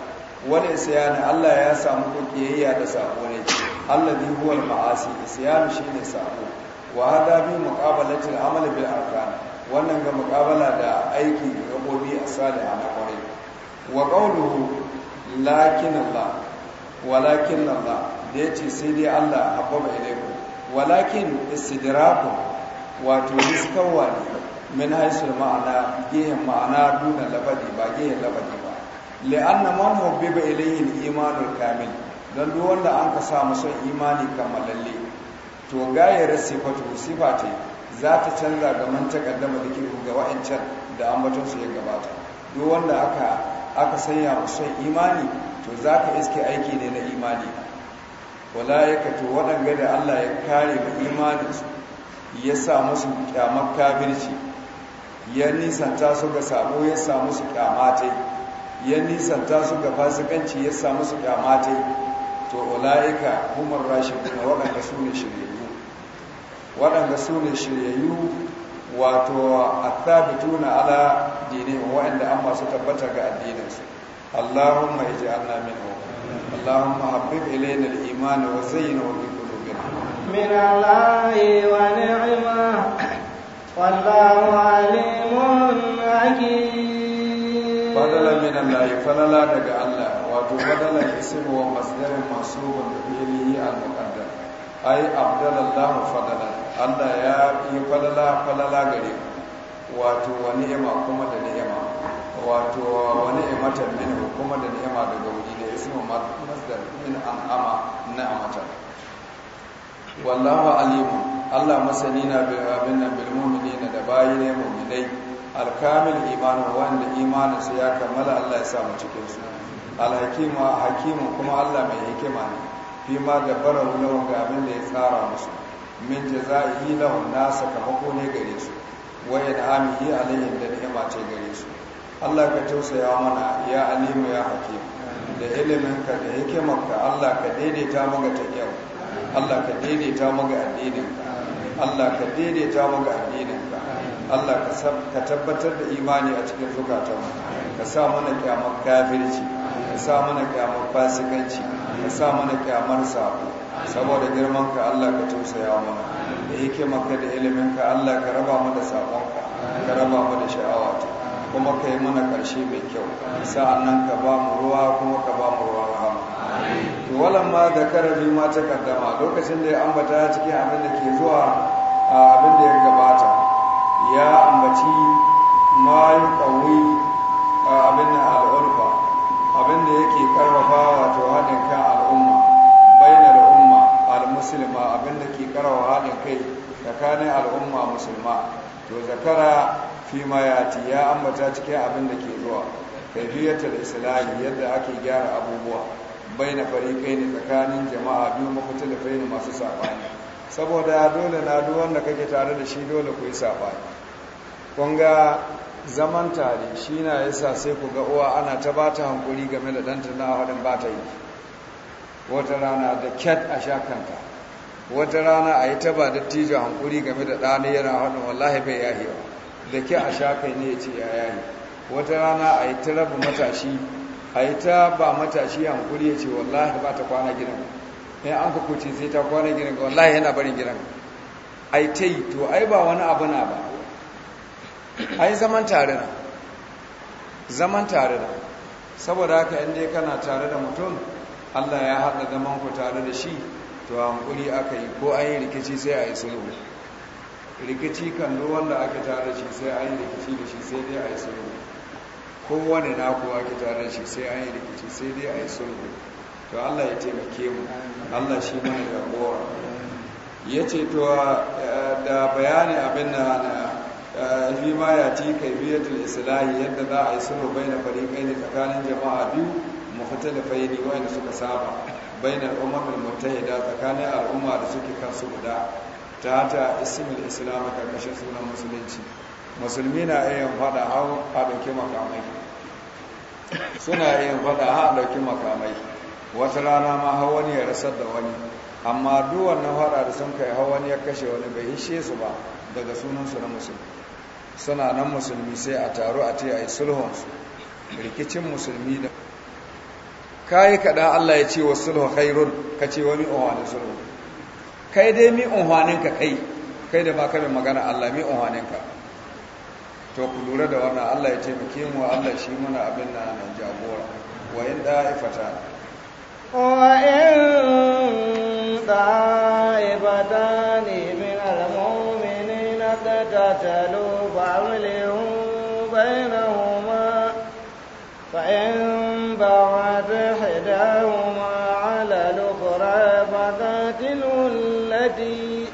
wani isyani Allah ya samu yi da sabo ne Allah huwa al-ma'asi isyani shine sabo wa hadha bi muqabalati al-amal bil arkan wannan ga muqabala da aiki saliha na da yace sai da Allah walakin istidraku wato iskawa min haisul ma'ana gehen ma'ana duna labadi ba gehen labadi ba li'anna kamil don duk wanda an ka sa masa imani kamalalle to gayar sifatu za ta canza ga man takaddama da kiru ga wa'ancan da ambatonsu ya gabata duk wanda aka aka sanya musai imani to za ka iske aiki ne na imani wala ya to waɗanga da allah ya kare ga imaninsu ya sa musu kyamar kabirci ya nisanta su ga sabo ya sa musu kyamatai ya nisanta su ga fasikanci ya sa musu kyamatai to wala ka humar rashin kuma waɗanda su ne shirye waɗanda su ne shiryayyu wato a na ala dinihim waɗanda an masu tabbata ga addininsu Allahumma ij'alna minhum Allahumma habbib ilayna al-iman wa zayyinhu fi qulubina min wa ni'ma wallahu alimun hakim fadala min Allah daga Allah wato fadala ismu wa masdarin mansubun ai abdallahu fadala Allah ya yi falala falala gare wato wani ema kuma da ni'ima wato wani ni'imatan minhu kuma da ni'ima daga wuri da ne ismu masdar min an'ama ni'matan wallahu alimun Allah masani na abin nan bil mu'minin da bayi mu'minai al kamil iman wanda imanin su ya kammala Allah ya sa mu cikin su alhakimu hakimu kuma Allah mai hikima ne fi ma da barahu lahum ga abin da ya tsara musu min jaza'i lahum na sakamako ne gare su wa yad'amihi alaihim da ni'ima ce gare su Allah ka tausaya mana ya alimu ya hakim da ka da hikimarka Allah ka daidaita mu ta yau Allah ka daidaita mu addinin ka Allah ka daidaita mu addinin ka. Allah ka tabbatar da imani a cikin zukatanmu ka sa mana kyamar kafirci ka sa mana kyamar fasikanci ka sa mana kyamarsa saboda girman ka Allah ka tausaya mana da hikimarka da ilimin ka Allah ka raba mu da sabonka ka raba mu da sha'awa kuma ka yi mana karshe mai kyau sa'annan ka ba mu ruwa kuma ka ba mu ruwan rahama to walan ma da karabi ma ta kaddama lokacin da ya ambata cikin abin da ke zuwa abin da ya gabata ya ambaci ma yi abin da al'ulfa abin da yake karfafa wato haɗin kan al'umma bainar umma al-musulma abin da ke karfafa haɗin kai tsakanin al'umma musulma to zakara fi ma ya yati ya ambata cikin abin da ke zuwa kaifiyatul islahi yadda ake gyara abubuwa baina kai ne tsakanin jama'a biyu mafutulafai masu sabani saboda dole na duk wanda kake tare da shi dole ku yi sabani kun ga zaman tare shi na yasa sai ku ga uwa ana ta ba ta hankuri game da ɗanta na haɗin ba ta yi wata rana da kyat a sha kanta wata rana a yi ta ba da tijo hankuri game da ɗani yana haɗin wallahi bai yahi ba da ke a sha kai ne ya ce ya yahi wata rana a yi ta rabu matashi a yi ta ba matashi hankuri ya ce wallahi ba ta kwana gidan in an ka sai ta kwana gidan wallahi yana barin gidan ai ta yi to ai ba wani abu na ba ai zaman tare na zaman tare na saboda haka inda kana tare da mutum Allah ya haɗa zaman ku tare da shi to a hankuri aka yi ko an yi rikici sai a yi sulhu rikici kan duk wanda aka tare da shi sai an yi rikici da shi sai dai a yi sulhu na naku ake tare da shi sai an yi rikici sai dai a yi sulhu to Allah ya taimake mu Allah shi mana ya kowa ya ce to eh, da bayani abin da fi eh, ma ya ci kaifiyatul islahi yadda za a yi sulhu baina fariqaini tsakanin jama'a biyu ne wanda suka saba baina al-umam al-muttahida tsakanin al'umma da suke kansu guda ta hata ismul islam karkashin sunan musulunci musulmi na iya fada makamai suna iya fada ha a makamai wata rana ma hau wani ya rasar da wani amma duk wannan fada da sun kai hau wani ya kashe wani bai yi su ba daga sunansu na musulmi suna nan musulmi sai a taru a ce a yi sulhunsu rikicin musulmi da kayi kaɗa Allah ya ce wa sulhu khairun ka ce wani unhwanin sulhu kai dai mi unhwanin ka kai kai da ba ka magana Allah mi unhwanin ka to ku lura da wannan Allah ya ce mu Allah shi muna abin na nan jagora wa in da'ifata wa in da'ifata قاتلوا فأصلحوا بينهما فإن بغت إحداهما على الأخرى فقاتلوا التي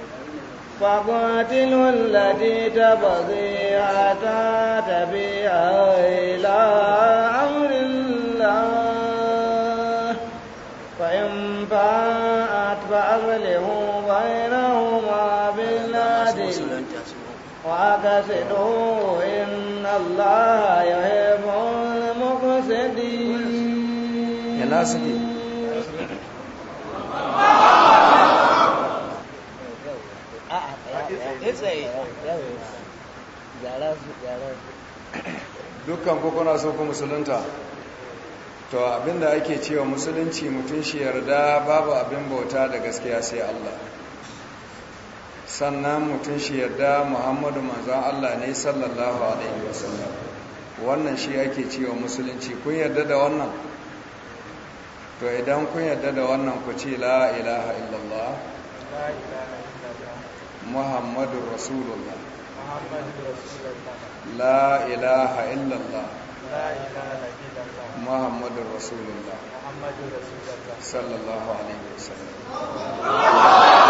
فقاتلوا التي تبغي حتى تبيع إلى أمر الله فإن باءت فأصلحوا بينهما واعتصدوا إن الله dukkan kuna so ku musulunta to abinda ake cewa musulunci mutum shi yarda babu abin bauta da gaskiya sai Allah sannan mutum shi yarda muhammadu manzan allah ne sallallahu alaihi wasallam wannan shi ake cewa musulunci kun yarda da wannan to idan kun yarda da wannan ku ce la ilaha illallah muhammadu rasulullah la ilaha illallah muhammadu rasulullah sallallahu alaihi wasallam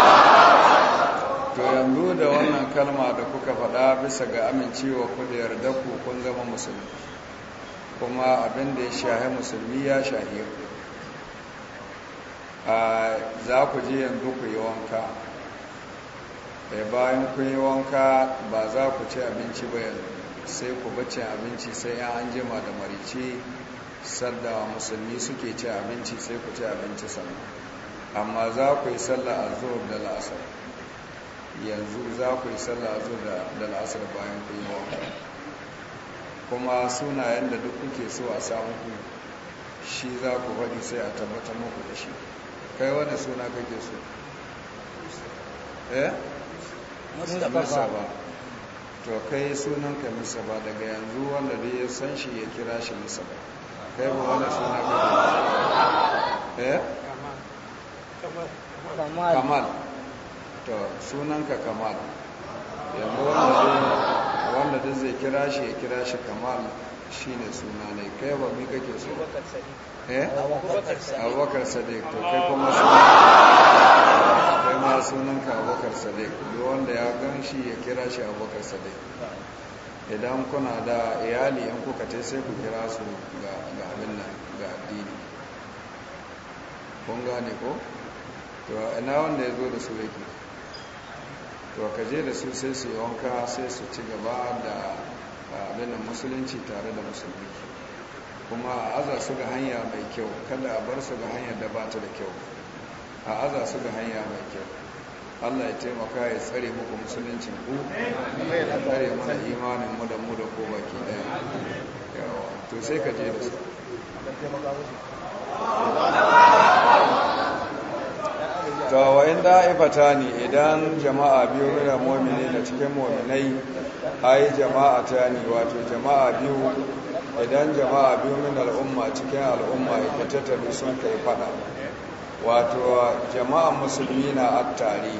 to yanzu da wannan kalma da kuka faɗa bisa ga amincewa ku da yarda ku kun zama musulmi kuma abin da ya shahe musulmi ya shahe ku a za ku ji yanzu ku yi wanka da e, bayan ku yi wanka ba za ku ci abinci ba yanzu sai ku bacin abinci sai ya an jima da marici sadda musulmi suke ci abinci sai ku ci abinci sannan amma za ku yi sallah a zuwa da la'asar yanzu za ku yi sallah zo da la'asar bayan ku yi kuma sunayen da duk kuke so a samu ku shi za ku faɗi sai a tabbatar muku da shi kai wani suna kake so eh musa ba to kai sunan ka musa ba daga yanzu wanda dai ya san shi ya kira shi musa ba kai ba wani suna kake so eh kamal to sunanka kamal yanzu wanda duk zai kira shi ya kira shi kamal shi ne suna ne kai ba mi kake so abubakar sadiq eh? to kai kuma kai ma sunanka abubakar sadiq duk wanda ya gan shi ya kira shi abubakar sadiq idan kuna da iyali yan kuka ce sai ku kira su ga abin nan ga addini kun gane ko to ina wanda ya zo da su yake to ka je da su sai su yi wanka sai su ci gaba da abin musulunci tare da musulmi kuma a aza su ga hanya mai kyau kada a bar su ga hanyar da ba ta da kyau a aza su ga hanya mai kyau Allah ya taimaka ya tsare muku musuluncin ku ya tsare mana imanin mu da mu da ko baki daya to sai ka je da su to wa da'ifata ne idan jama'a biyu mina momini da cikin mu'minai ai jama'a ta ne wato jama'a biyu idan jama'a biyu min al'umma cikin al'umma ita tattabi sun kai fada wato jama'a musulmi na attare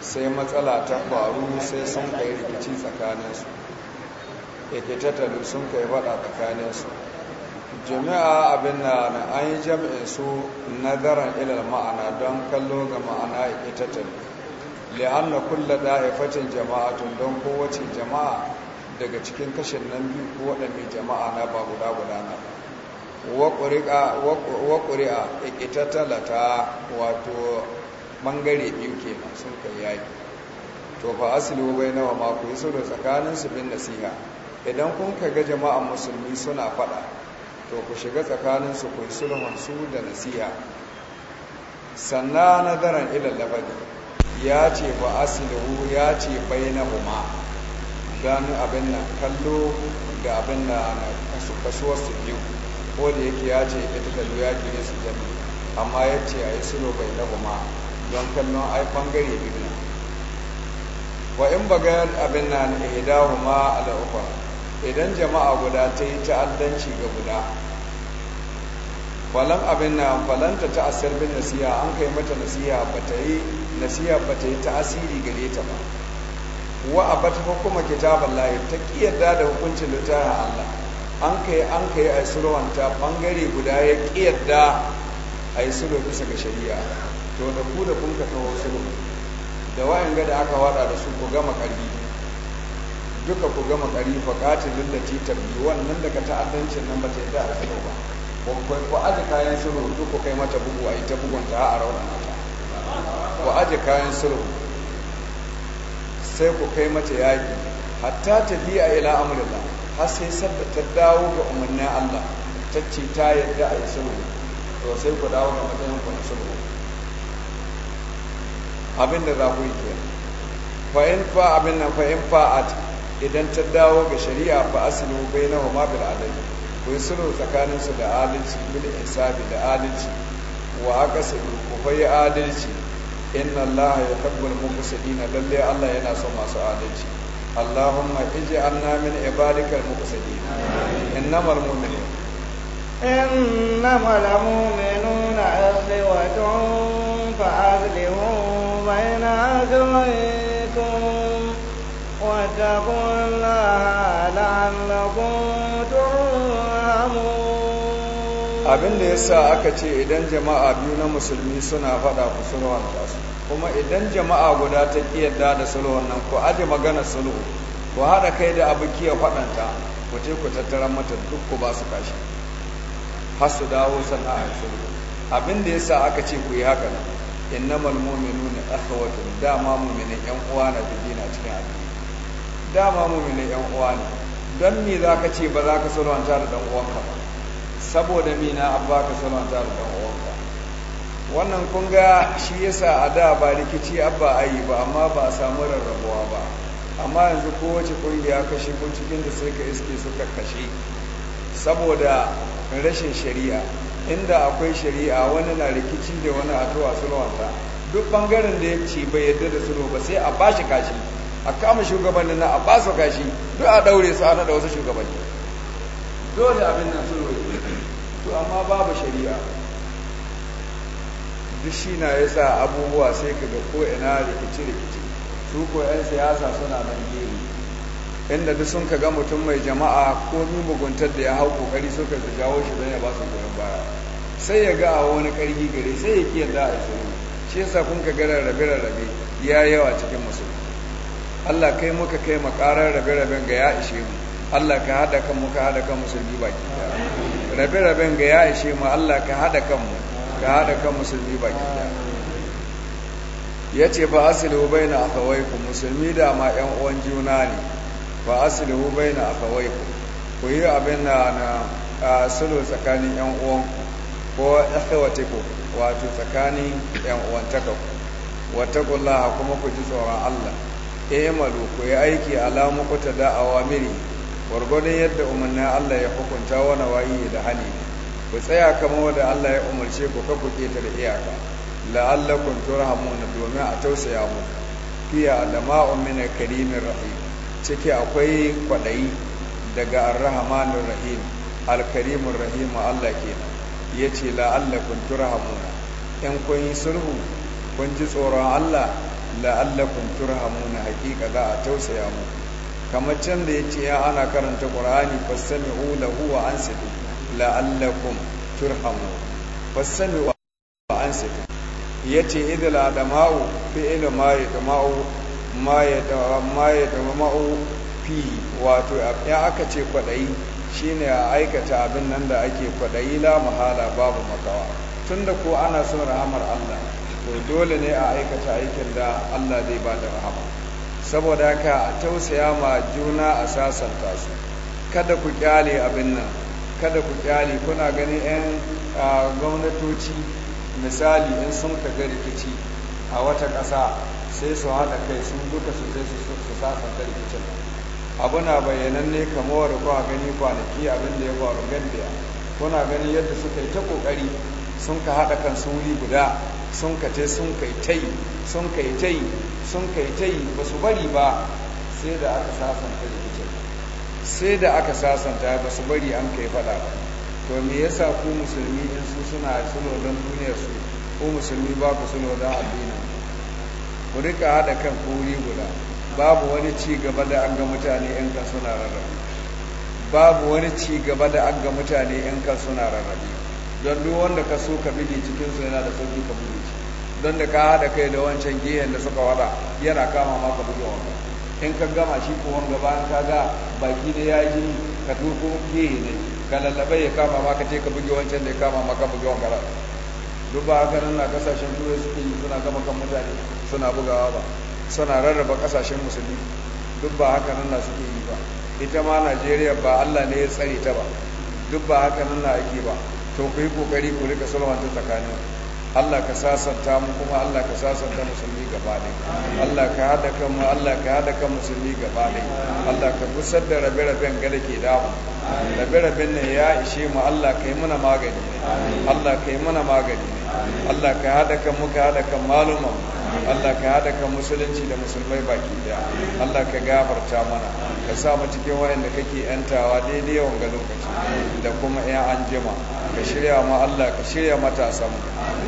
sai matsala ta faru sai sun kai rikici tsakaninsu ita tattabi sun kai fada tsakaninsu jami'a abin na an yi jami'in su nazaran ilal ma'ana don kallo ga ma'ana ita ikitattun li'anna kulla da'ifatin tun don kowace jama'a daga cikin kashin nan biyu ko waɗanne jama'a na ba guda guda na wa ƙuri'a ikitattalata wato ɓangare biyu ke sun kai yaƙi to ba asali bai nawa ma ku yi tsakanin su bin nasiha idan kun kaga jama'a musulmi suna faɗa to ku shiga tsakaninsu ku yi sulhun su da nasiha sannan nadaran ilal labadi ya ce ba asilu ya ce huma dan abin nan kallo da abin da kasu kasuwar su biyu ko da yake ya ce ita da ya gire su jami amma ya ce a yi sulhu huma don kallon ai bangare biyu wa in baga abin nan ihdahuma ala ukhra idan jama'a guda ta yi ta'addanci ga guda falon abin na falanta ta asir nasiya nasiha an kai mata nasiha ba ta yi nasiya ba ta yi asiri gare ta ba wa a bata hukuma kitabar layi ta kiyarda da hukuncin littafin allah an kai an kai a sulwanta bangare guda ya kiyarda a yi sulwa bisa ga shari'a to da ku da kun ka kawo sulwa da wa'in ga da aka wada da su ku gama karbi duka ku gama ƙari fa lullaci lullati ta biyu wannan daga ta'addancin nan ba ta yi da a tsaro ba ku aji kayan sulhu duk kai mata bugu a yi ta bugun ta a raunana mata ku aji kayan sulhu sai ku kai mata yaƙi hatta ta a ila amurila har sai sadda ta dawo ga umarnin allah ta ce ta yadda a yi sulhu to sai ku dawo ga matsayin ku na sulhu abin da za ku yi ke fa'in fa abin nan fa'in fa'at idan ta dawo ga shari'a fa asilu bainahu ma bil adl ku yi sulhu tsakanin su da adalci bil isabi da adalci wa haka su ku fayi adalci inna allaha yuhibbul muqsitina lalle allah yana son masu adalci allahumma ij'alna min ibadikal muqsitin innamal mu'minun innamal mu'minuna ikhwatun fa'adlihu baina ajwaykum واتقوا الله لعلكم ترحمون abin da yasa aka ce idan jama'a biyu na musulmi suna faɗa ku sulhunta tasu kuma idan jama'a guda ta kiyarda da sulhun nan ku aje magana sulhu ku haɗa kai da kiyar faɗanta ku ce ku tattara mata duk ku ba su kashi har su dawo sana'a sulhu abin da yasa aka ce ku yi haka nan innamal mu'minuna akhawatun dama mu'minin yan uwa na bidina cikin addini dama mu'mini yan uwa ne don me za ka ce ba za ka sulwanta da dan uwanka ba saboda me na abba ka sulwanta da dan wannan kun ga shi yasa a da ba rikici abba yi ba amma ba a samu rarrabuwa ba amma yanzu kowace kungiya kashe kun cikin da sai ka iske suka kashe saboda rashin shari'a inda akwai shari'a wani na rikici da wani a towa sulwanta duk bangaren da ya ce bai yadda da sulhu ba sai a bashi kashi a kama shugabannin na a ba su gashi duk a daure su ana da wasu shugabanni dole abin nan sun roƙi to amma babu shari'a duk shi na ya sa abubuwa sai ka ga ko ina rikici rikici su ko 'yan siyasa suna nan gero inda duk sun ka ga mutum mai jama'a ko ni muguntar da ya hau kokari suka su jawo shi don ya ba su goyon baya sai ya ga a wani karfi gare sai ya kiyar da a yi shi yasa kun ka ga rarrabe rarrabe ya yawa cikin musulmi Allah kai muka kai makarar rabe-raben ga ya ishe mu Allah ka haɗa kan muka haɗa kan musulmi baki daya rabe-raben ga ya ishe mu Allah ka haɗa kan mu ka haɗa kan musulmi baki daya yace fa aslihu baina ku musulmi da ma yan uwan juna ne fa aslihu baina akhawaykum ku yi abin na na sulhu tsakanin yan uwan ko akhawatikum wato tsakanin yan uwan takaku wattaqullaha kuma ku ji tsoron Allah emalu malu ku yi aiki alamu kuta da awamiri gwargwadon yadda umarnin Allah ya hukunta wani wayi da hali ku tsaya kama wadda Allah ya umarce ku ka ku keta da iyaka la'allakum turhamuna domin a tausaya mu fiya alama'un min karimin rahim ciki akwai kwaɗayi daga arrahmanur rahim alkarimin rahim Allah kenan yace la'allakum turhamuna in kun yi sulhu kun ji tsoron Allah la'allakum turhamuna haqiqa za a tausaya muku kamar can da yace ya ana karanta qur'ani fasami'u lahu wa ansitu la'allakum turhamun fasami'u wa ansitu yace idil adama'u fi'il ma yadma'u ma yadma'u fi wato ya aka ce kwadayi shine a aikata abin nan da ake kwadayi la mahala babu makawa tunda ko ana son rahamar Allah to dole ne a aikata aikin da Allah zai ba da rahama saboda haka a tausaya ma juna a sasanta su kada ku kyale abin nan kada ku kyale kuna ganin 'yan gwamnatoci misali in sun ga rikici a wata ƙasa sai su haɗa kai sun duka su sai su sasanta rikicin abu na bayyananne kamar kwa gani kwanaki abin da ya faru gambiya kuna gani yadda suka yi ta ƙoƙari sun ka haɗa kan wuri guda sun ka ce sun kai tai sun kai tai sun kai tai ba su bari ba sai da aka sasanta rikicin sai da aka sasanta ba su bari an kai faɗa ba to me yasa ku musulmi in su suna sulolin duniyar su ku musulmi ba ku sulolin addinin ku rika haɗa kan wuri guda babu wani ci gaba da an ga mutane 'yan kan suna rarrabe babu wani ci gaba da an ga mutane 'yan kan suna rarrabe don duk wanda ka so ka bige cikin su yana da sauki ka buge shi don da ka haɗa kai da wancan gihen da suka wada yana kama ma ka buge wanda in ka gama shi ko wanga bayan ka ga baki da ya ka doko gihe ne ka lallabai ya kama ma ka ce ka buge wancan da ya kama ma ka buge ba. duk ba haka nan na kasashen turai suke yi suna gama kan mutane suna bugawa ba suna rarraba kasashen musulmi duk ba haka nan na suke yi ba ita ma najeriya ba allah ne ya tsare ta ba duk ba haka nan na ake ba to ku yi kokari ku rika ta tsakanin Allah ka sasanta mu kuma Allah ka sasanta musulmi gaba ɗaya Allah ka hada kan mu Allah ka hada kan musulmi gaba ɗaya Allah ka busar da rabe-raben gada ke damu rabe-raben ne ya ishe mu Allah ka yi mana magani ne Allah ka yi mana magani ne Allah ka hada kan mu ka hada kan malumanmu Allah ka hada kan musulunci da musulmai baki daya Allah ka gafarta mana ka sa mu cikin wayanda kake yantawa daidai yawan ga lokaci da kuma ya an jima ka shirya ma Allah ka shirya matasa mu.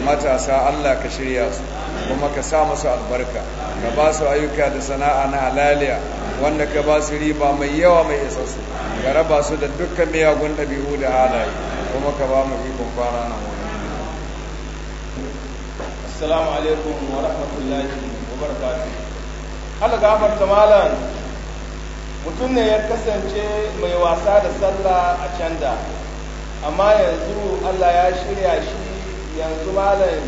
matasa Allah ka shirya su kuma ka sa musu albarka ka ba su ayyuka da sana'a na halaliya wanda ka ba su riba mai yawa mai isassu ka raba su da dukkan miyagun ɗabi'u da halaye kuma ka ba mu ikon kwana na mu assalamu alaikum wa rahmatullahi wa barakatuh hala gafar malam mutum ne ya kasance mai wasa da sallah a can da amma yanzu allah ya shirya shi yanzu malam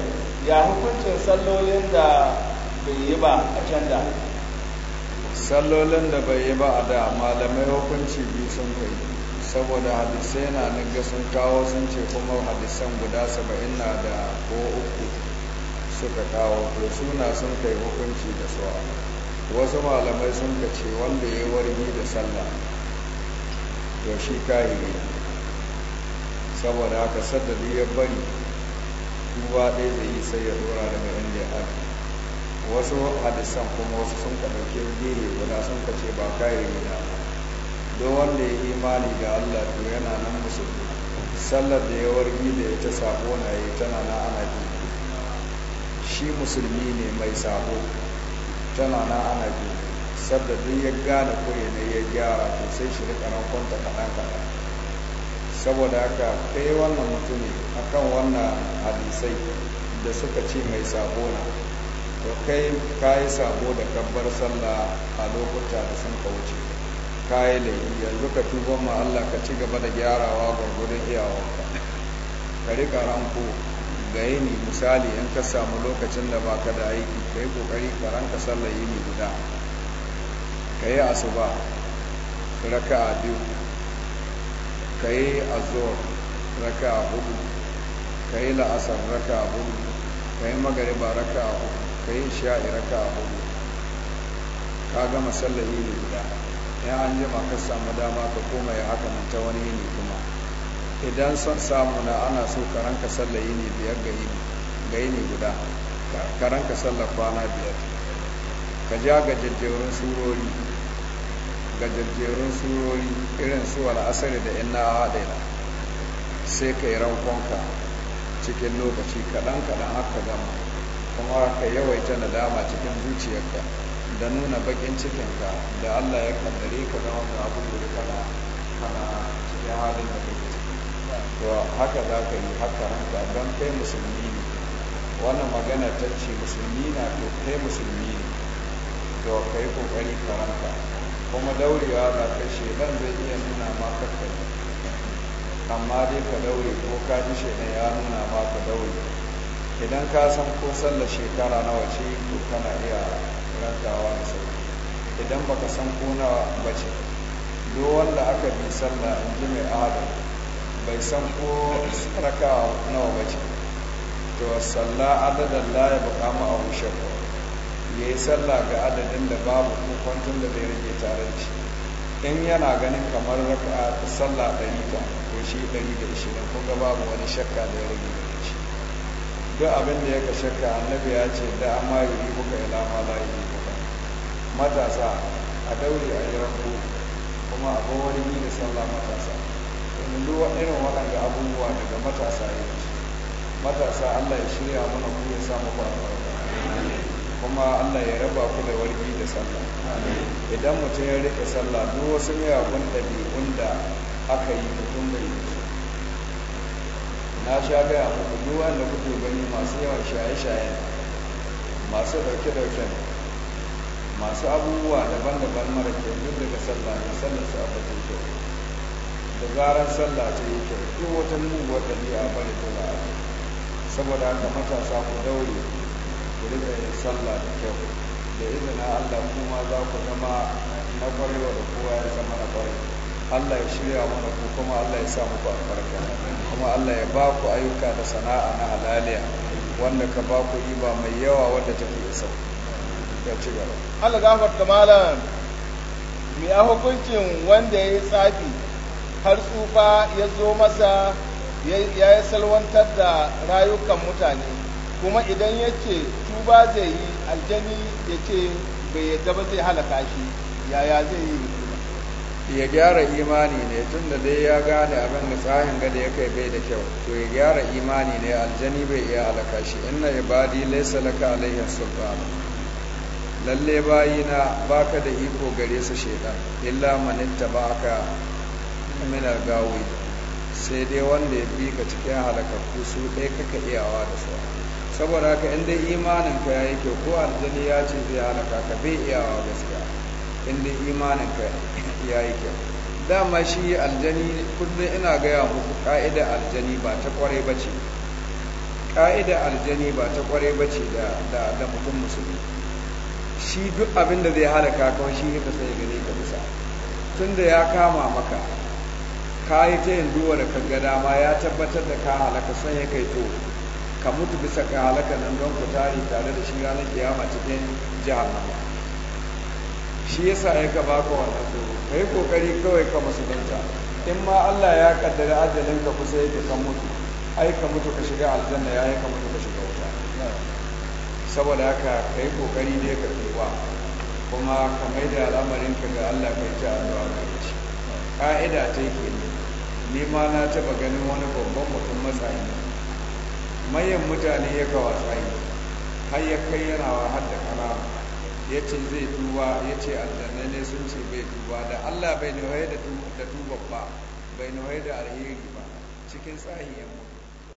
ya hukuncin sallolin da bai yi ba a can da sallolin da bai yi ba a da malamai hukunci biyu sun kai saboda hadisai na nan sun kawo sun ce kuma hadisan guda saba'in na da ko uku suka kawo to suna sun kai hukunci da suwa wasu malamai sun ka ce wanda ya wargi da sallah to shi ne saboda haka saddadi ya bari duba ɗaya zai yi sai ya dora daga inda ya aka wasu hadisan kuma wasu sun ka ɗauke gini guda sun ka ce ba ne da Do wanda ya imani ga Allah to yana nan musulmi sallar da ya wargi da ya ta sabo na yi tana na ana biyu shi musulmi ne mai sabo tana na ana biyu sabda duk ya gane koyi ne ya gyara to sai shi rika kwanta kaɗan kaɗan saboda haka kai wannan mutumi akan wannan hadisai da suka ce mai sabo na to kai ka yi sabo da kabbar sallah a lokuta da sun wuce. kayi da yanzu ka tuban ma Allah ka ci gaba da gyarawa gwargwadon iyawarka ka rika ranko gare ni misali in ka samu lokacin da baka da aiki ka yi kokari ka ranka sallar yini guda ka yi asuba raka a biyu ka yi azor raka a hudu ka yi la'asar raka a hudu ka yi magariba raka a hudu ka yi sha'i raka a hudu ka gama sallar yini guda ya an jima ka samu dama ka koma ya haka ta wani yini kuma idan son samu na ana so ka ranka sallah yini biyar ga yini ne guda ka ranka sallah kwana biyar ka ja ga jajjerun surori ga jajjerun surori irin su al'asari da inna haɗaina sai ka yi rankonka cikin lokaci kaɗan-kaɗan haka gama kuma ka yawaita nadama cikin zuciyarka da nuna bakin cikinka da allah ya kaddare ka zama ka abu da kana kana cikin halin da kake to haka za ka yi haka hanka don kai musulmi ne wannan magana ta ce musulmi na to kai musulmi ne to ka yi kokari ka kuma daurewa za ka shedan zai iya nuna ma amma dai ka daure ko ka ji shaidan ya nuna ma ka daure idan ka san ko sallar shekara nawa ce to kana iya rantawa da sauki idan baka san ko nawa ce. duk wanda aka bi sallah in ji mai adam bai san ko raka nawa ba ce to salla adadin la ya buka mu a wushe ko ya yi sallah ga adadin da babu ko kwantun da bai rage tare da shi in yana ganin kamar raka sallah ɗari ta ko shi ɗari da ishirin ko ga babu wani shakka da ya rage da shi duk abin da ya ka shakka annabi ya ce da amma yuri kuka ila ma la kuka matasa a daure a yi ranko kuma a yi da sallah matasa yanzu irin waɗanda abubuwa daga matasa ya ce matasa allah ya shirya mana ku ya samu ba kuma allah ya raba ku da wargi da sallah idan mutum ya rike sallah duk wasu miyagun ɗabi'un da aka yi mutum bai na sha gaya muku duk wanda kuke gani masu yawan shaye-shaye masu ɗauke-ɗauken masu abubuwa daban-daban mara kyau daga sallah ne sallar su a kyau da zarar sallah ta yi kyau duk wata muguwa a bari ta za saboda haka matasa ku daure ku riƙa yin sallah da kyau da izina allah kuma za ku zama na kwarewa da kowa ya zama na kwarewa allah ya shirya mana ku kuma allah ya sa muku albarka kuma allah ya ba ku ayyuka da sana'a na halaliya wanda ka ba ku riba mai yawa wadda take isa ya ci gaba allah gafarta malam mai a hukuncin wanda ya yi tsafi har tsufa ya zo masa ya yi salwantar da rayukan mutane kuma idan ya ce tuba zai yi aljani ya ce bai yadda ba zai halaka shi yaya zai yi ya gyara imani ne tun da dai ya gane abin da tsahin gada ya kai bai da kyau to ya gyara imani ne aljani bai iya halaka shi inna ibadi laysa laka alaihim sultan lalle bayina baka da iko gare su shedan illa man ittaba'aka minar gawi sai dai wanda ya bi ka cikin halakakku su ɗaya kaka iyawa da su saboda haka inda imaninka imanin ka kyau ko aljani ya ce zai halaka ka bai iyawa gaskiya in inda imanin ka yi kyau dama shi aljani kullum ina gaya muku ka'ida aljani ba ta kware ba ce ka'ida aljani ba ta kware ba ce da mutum musulmi shi duk abin da zai halaka kawai shi ya kasa gani ka bisa tun da ya kama maka ka yi ta yin duwa da kaga dama ya tabbatar da ka halaka sai ya kai to ka mutu bisa ka halaka nan don ku tari tare da shi ranar kiyama cikin jahannama shi yasa ya ka baka wannan tsoro ka yi kokari kawai ka musulunta in ma Allah ya kaddara ajalin ka kusa yake kan mutu ai ka mutu ka shiga aljanna ya yi ka mutu ka shiga wuta saboda haka ka yi kokari ne ka kewa kuma ka da al'amarin ka ga Allah kai ta addu'a ci. ka'ida ta yi ne nema na taba ganin wani babban mutum matsayi mayan mutane ya ga watsayi har ya kai yana wa da kara ya ce zai duba ya ce aljanna ne sun ce bai duba da allah bai nawaye da tuba ba bai nawaye da alheri ba cikin tsahin yamma